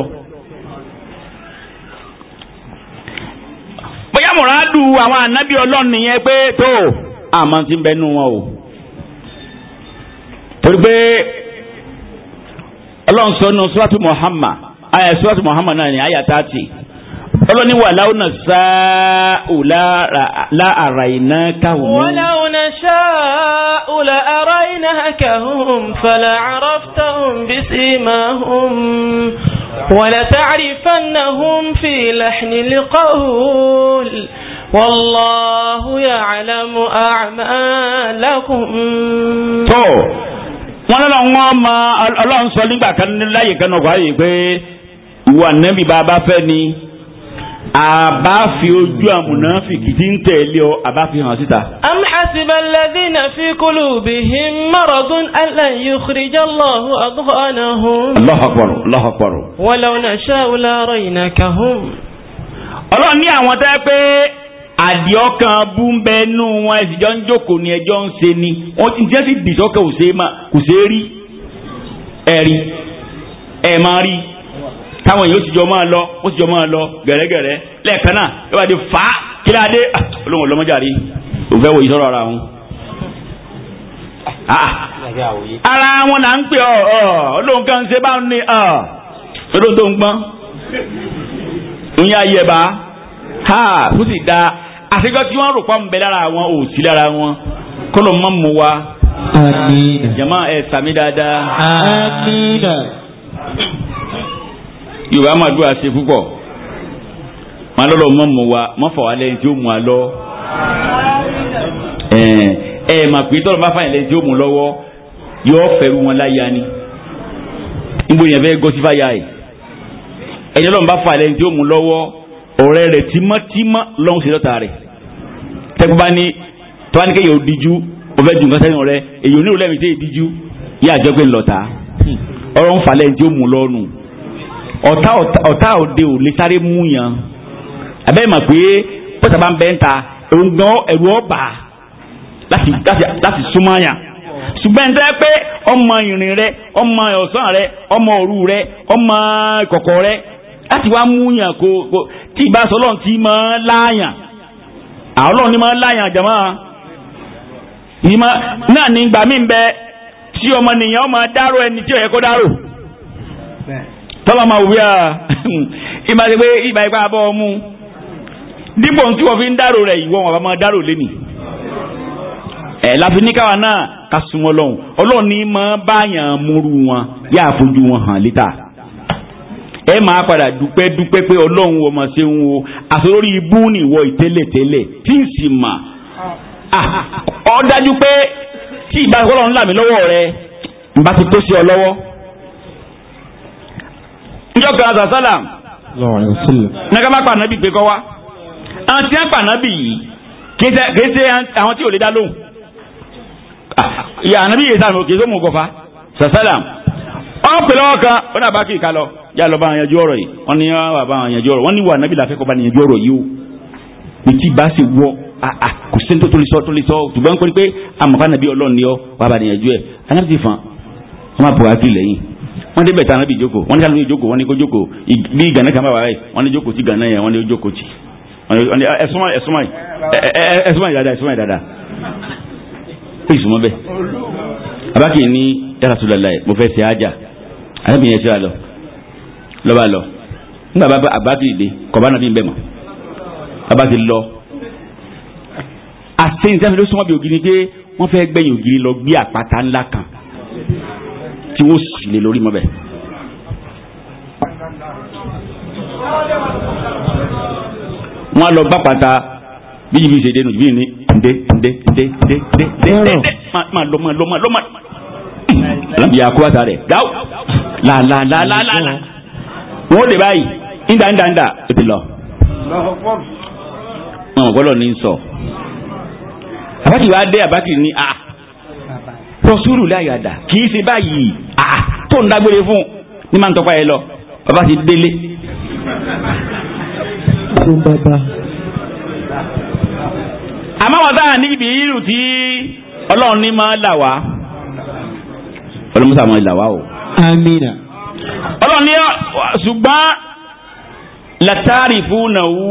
bóyá mọ̀ràdù àwọn ànábì ọlọ́run nìyẹn pé tó àmọ́ ti bẹnu wọn o. torí pé ọlọ́run sọ Muhammad. aya surat muhammad náà ni aya tati ọlọ́ni wà láwùnà sáàù láàrá iná káhùn mú. wọ́n láwùnà sáàù láàrá iná káhùn fàlà àrọ́ftáhùn bí sí máa hùn wàlá tàrífànnàhùn fi láhìní lìkọ́hùn wàlláhu ya'lamu a'malakum. tó wọ́n lọ́nà wọn máa ọlọ́run sọ nígbà kan láyé kan náà wáyé pé ìwà nẹ́bí bàbá fẹ́ ni àbá fi ojú àmùná fi kìtì ń tẹ̀lé ọ àbá fi hàn síta. am hasiba alladhina fi qulubihim maradun allan yukhrija Allahu adghanahum. Allahu akbar Allahu akbar. walau nasha'u la raynakahum. ọlọ́run ní àwọn tẹ́ pé àdìọ́kan bú ń bẹ nú wọn ẹ̀sìnjọ́ ń jókòó ni ẹjọ́ ń ṣe ni wọ́n ti jẹ́ sí dìtọ́kẹ́ kò ẹ̀rí ẹ̀ máa rí táwọn èèyàn ó sì jọ máa lọ ó sì jọ máa lọ gẹ̀rẹ́gẹ̀rẹ́ lẹ́ẹ̀kan náà ẹ di fa kílá dé olóhùn ah, ọlọ́mọdéjàre òun fẹ́ wo ìṣòro ara wọn. Ah, ah. ara wọn là ń pè ọ ọ olóhùn kan ṣe bá ń ní ọ olóhùn tó ń gbọ́n ìyá yẹba ha ó sì da àtijọ́ tí wọ́n rò pa ń bẹ lára wọn ò sí lára wọn kọ́lọ̀ mọ́ mu wa. jama ẹ sami dáadáa yorùbá máa dúró àṣẹ púpọ̀ máa lọ́lọ́ mọ́ mọ́ wa mọ́ fà wá lẹ́yìn tí ó mú wa lọ. ẹ ẹ mà pé bá fà lẹ́yìn tí ó mú lọ́wọ́ yóò fẹ́rù wọn láyà ni níbo yẹn fẹ́ gọ́sífà yá ẹ̀ ẹ̀yìn lọ́nà bá fà lẹ́yìn tí ó mú lọ́wọ́ ọ̀rẹ́ rẹ̀ tímọ́tímọ́ lọ́hùn sí lọ́ta rẹ̀ tẹ́gbọ́n bá ní tọ́wá ní kéèyàn ò díjú ọbẹ̀ dùn kan sẹ́yìn rẹ̀ èyí ò ní ìrọ̀lẹ́mìí tẹ́ ìdíjú yá àjọpẹ́ ńlọ́ta ọ̀rọ̀ ń falẹ̀ tí ó mú lọ́nu ọta ọta ọde o lè sáré mú yàn pé pọ́sà lati ń bẹ́ ń ta láti láti láti súnmọ́ ṣùgbọ́n pé ọmọ rẹ ọmọ ọ̀sán rẹ ọmọ òru rẹ ọmọ ìkọ̀kọ̀ rẹ láti wá mú yàn kó kó tí ìbá sọ lọ́n ti máa láàyàn àwọn ni máa láàyàn jàmọ́ ẹni tí kó tọ́lọ́ máa wí à ìmọ̀ àti pé ìgbà ipá abọ́ ọmú dípò tí wọ́n fi ń dárò rẹ̀ ìwọ wọn bá máa dárò lé nì. ẹ̀ láfi ní káwa náà ká súnmọ́ ọlọ́run ọlọ́run ní máa báyàn múrú wọn yáà fojú wọn hàn lítà. ẹ máa padà dúpẹ́ dúpẹ́ pé ọlọ́run wọ́n máa ṣe ń wo àtòlórí ibú ni ìtẹ́lẹ̀tẹ́lẹ̀ tí ń sì mà. ọ ah, dájú pé tí ìbáṣepọ̀ ọlọ́run là mí lọ́wọ́ njọ́ kan àtà sálà nígbà má pa nábì pé kọ́ wá àwọn tí wọ́n pa nábì yìí kì í ṣe àwọn tí ò lè dá lóhùn yà nábì yìí sàmì kì í sọ́mù gọ́fà sàsálà wọ́n pè lọ́wọ́ kan wọ́n dàbá kì í kalọ̀ yà lọ́ bá àwọn yanjú ọ̀rọ̀ yìí wọ́n ní wà bá àwọn yanjú ọ̀rọ̀ wọ́n ní wà nábì làfẹ́ kọ́ bá yanjú ọ̀rọ̀ yìí o bìtì bá ṣe wọ kò sí tó lè sọ tó lè sọ pé àmọ̀fà nàbí ọlọ́run ọ wà bá yanjú ẹ̀ anábì ti fàn bọ̀ wá kí lẹ́yìn wọ́n débẹ̀ tán níbi ìjókòó wọ́n ní sálọ́ ìjókòó wọ́n ní kó jókòó bí gànà kan bá wà rẹ̀ wọ́n ní jókòó tí gànà yẹn wọ́n ní jókòó tì ẹ̀sùnmọ̀ ẹ̀sùnmọ̀ ẹ̀sùnmọ̀ dáadáa ẹ̀sùnmọ̀ dáadáa ó yìí súnmọ́ bẹ́ẹ̀ abákì ní yàrá tó lọ́la ẹ̀ mo fẹ́ ṣe ájà arábìnrin yẹn ti rà lọ lọ́ba lọ nígbà bá abákì dé kọ̀bá náà fi ń abákì lọ àti ní sẹ́fẹ̀ẹ́ ló bí ògiri pé wọ́n fẹ́ gbẹ̀yìn ògiri lọ gbé àpáta ńlá kan tí wọ́n sì lè lórí mọ́bẹ̀. wọ́n á lọ bá pàtà bí yìí mi ṣe dénú bí yìí ní ǹdé ǹdé ǹdé ǹdé ǹdé ǹdé ǹdé máa lọ máa lọ máa lọ máa. ìyá kó àtà rẹ̀ dáwọ́ làlàlàlàlà wọ́n lè báyìí ńdà ńdà ńdà ó ti lọ. wọn ò gbọ́dọ̀ ní sọ. àbátì wa dé àbátì ní a rọ́súrù láyàdà kì í ṣe báyìí à tó ń dágbére fún ní máa ń tọ́pa ẹ lọ bàbá ti délé. àmọ́ wọn sáà níbi irú tí ọlọ́run ní máa là wá ọlọ́mọsà máa là wá o. amina. ọlọ́run ní ṣùgbọ́n látàrí fún nàwó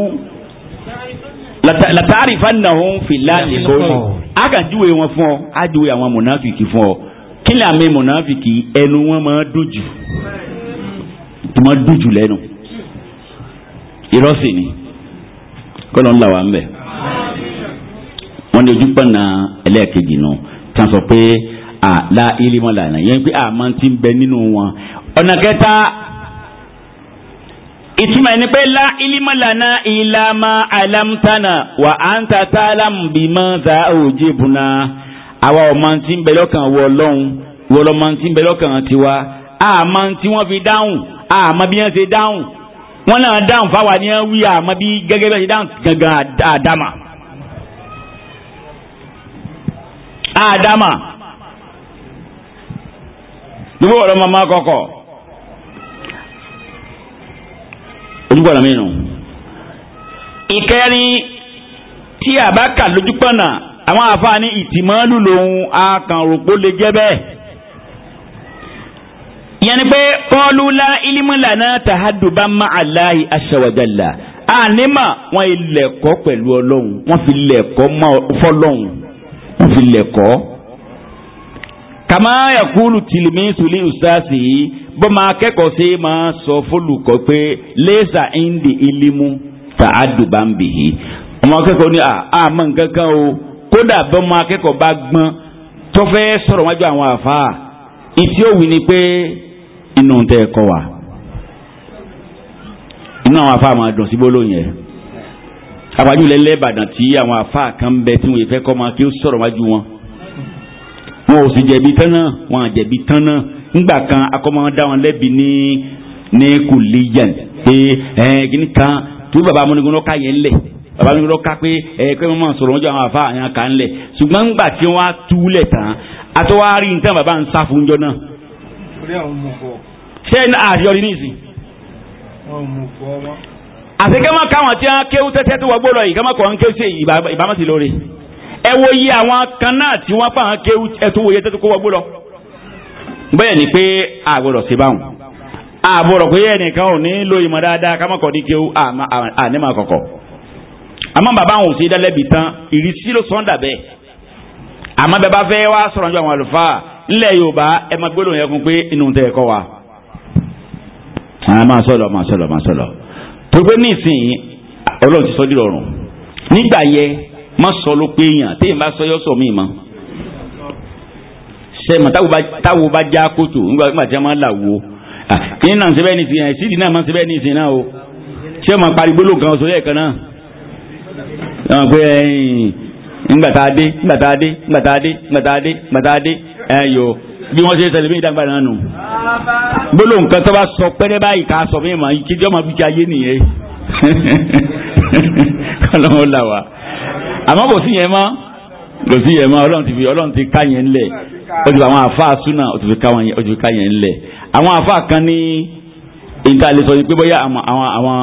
látàrí fún nàwó fìlà nìkó a kà júwe wọn fún ọ a júwe àwọn mùnàfìkì fún ọ kí ni àmì mùnàfìkì ẹnu wọn máa dùn jù tó máa dùn jù lẹ́nu irọ́ ni kọ́lọ́ ń là wá ń bẹ̀ wọ́n ní ojú pọ̀nà ẹlẹ́ẹ̀kejì nù tán sọ pé àlá ìlímọ̀ lànà yẹn pé àmọ́ ti ń bẹ nínú wọn ọ̀nà kẹta ìtumọ̀ ẹni pé lá ilimọ̀lànà ìlàmà àlámtánà wà á ń tata alámùbímọ́ ta òjì bùnà àwa ọmọ tí ń bẹ lọ́kàn wọ ọlọ́run wọ ọlọ́mọ tí ń bẹ lọ́kàn tiwa àmọ́ tí wọ́n fi dáhùn àmọ́ bí wọ́n ṣe dáhùn wọ́n náà dáhùn fáwa ní wí àmọ́ bí gẹ́gẹ́ bí wọ́n ṣe dáhùn gangan àdámà. àdámà. ìwé ọ̀rọ̀ màmá kọ̀kọ̀. ojúbọ̀nà mìíràn. ìkẹrin tí a bá kà lójúpọ̀nà àwọn àfààní ìtìmọ́lù lòun akànròpó lè jẹ́ bẹ́ẹ̀. ìyẹn ni pé kọ́ọ̀lù la ilimu lana tahaduba ma alahi asawajala ànímà wọn ilẹ̀kọ́ pẹ̀lú ọlọ́run wọ́n fi lẹ̀kọ́ fọlọ́run wọ́n fi lẹ̀kọ́ kàmá yakulu tìlímí sùlí ustaasi yìí bó máa kẹ́kọ̀ọ́ sí máa sọ fólùkọ́ pé lẹ́sà indi ilimu ta àdùbà ń bì yìí. ọmọ akẹ́kọ̀ọ́ ní àmọ́ nǹkan kan o kódà bó máa kẹ́kọ̀ọ́ bá gbọ́n tó fẹ́ sọ̀rọ̀ wájú àwọn àfáà ìtí òwì ni pé inú tẹ ẹ kọ wa inú àwọn àfáà máa dùn sí gbólóhùn yẹn àbájú lẹ́lẹ́ Ìbàdàn tí àwọn àfáà kan bẹ tí wọ́n fẹ́ kọ́ máa kí ó sọ̀rọ̀ wájú wọn wọn ò sì jẹ̀bi tán náà wọn à jẹ̀bi tán náà nígbà kan akọ́mọ dá wọn lẹ́bi ní ní kùlíyàn pé ẹ̀ kìíní kan tó bàbá amúnigun lọ́ka yẹn lẹ̀ bàbá amúnigun lọ́ka pé ẹ̀ pé wọ́n máa sọ̀rọ̀ wọn jọ àwọn àfa àyàn kan lẹ̀ ṣùgbọ́n nígbà tí wọ́n á tán àtọ́wárí nǹkan bàbá ń sá fún jọ náà. ṣé ẹni àṣeyọrí ní ìsìn. àṣekẹ́ máa káwọn tí wọ́n kéwú tẹ́tẹ́ tó wọ́gbó lọ yìí ká kọ́ ń kéwú sí ìbámasí ẹ wo iye àwọn kan náà tí wọ́n fà hàn kéwú ẹtú wo iye tó kó wọgbó lọ. bẹ́ẹ̀ ni pé àgbọ̀dọ̀ sí báwọn àbọ̀rọ̀ pé ẹnìkan ò ní lo ìmọ̀ dáadáa ká má kọ́ ní kéwú àní máa kọ̀kọ̀. àmọ́ bàbá àwọn òsì dálẹ́bi tán ìrísí ló sọ́n dàbẹ́. àmọ́ bẹ́ẹ̀ bá fẹ́ wá sọ̀rọ̀ ju àwọn àlùfáà ńlẹ̀ Yorùbá ẹ máa gbólóhùn yẹn kún pé inú tẹ̀ ẹ̀kọ́ wa. àmọ́ sọ̀lọ̀ máa sọ̀lọ̀ máa sọ̀lọ̀ tó má sọ ló pé yàn téèyàn bá sọ yọ sọ mí mọ sẹ́mọ̀ táwo bá já kótó nígbà tí a máa là wo kí náà ń sebẹ́ ní ìsìn ẹ̀sìn náà máa ń sebẹ́ ní ìsìn náà o ṣé máa parí gbólóhùn kan sórí ẹ̀kan náà ẹ̀wọ̀n pé nígbà tá a dé nígbà tá a dé nígbà tá a dé nígbà tá a dé nígbà tá a dé ẹ̀yọ bí wọ́n ṣe ṣẹlẹ̀ mí ìdàgbà náà nù gbólóhùn kan tó bá sọ pẹ́rẹ́ báyìí ká sọ mí mà kí jọ́ máa fi jayé nìyẹn kọ́ńtà wọn là wá àmọ́ kò sí yẹn mọ́ kò sí yẹn mọ́ ọlọ́run ti fi ọlọ́run ti ká yẹn lẹ̀ ó ti fi àwọn àfa súnà ó ti fi ká yẹn lẹ̀ àwọn àfa kan ní nta lè sọ pé bóyá àwọn àwọn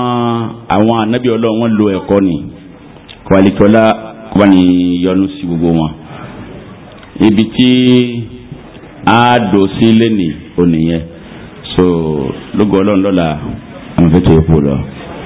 àwọn ànábì ọlọ́run wọn lo ẹ̀kọ́ ni kọ́lá kọ́lá ni yọnu sí gbogbo wọn ibi tí a dò sí lẹ́nìí ò nìyẹn so lógo ọlọ́run lọ́la àwọn fẹ́ tó yẹ kó lọ.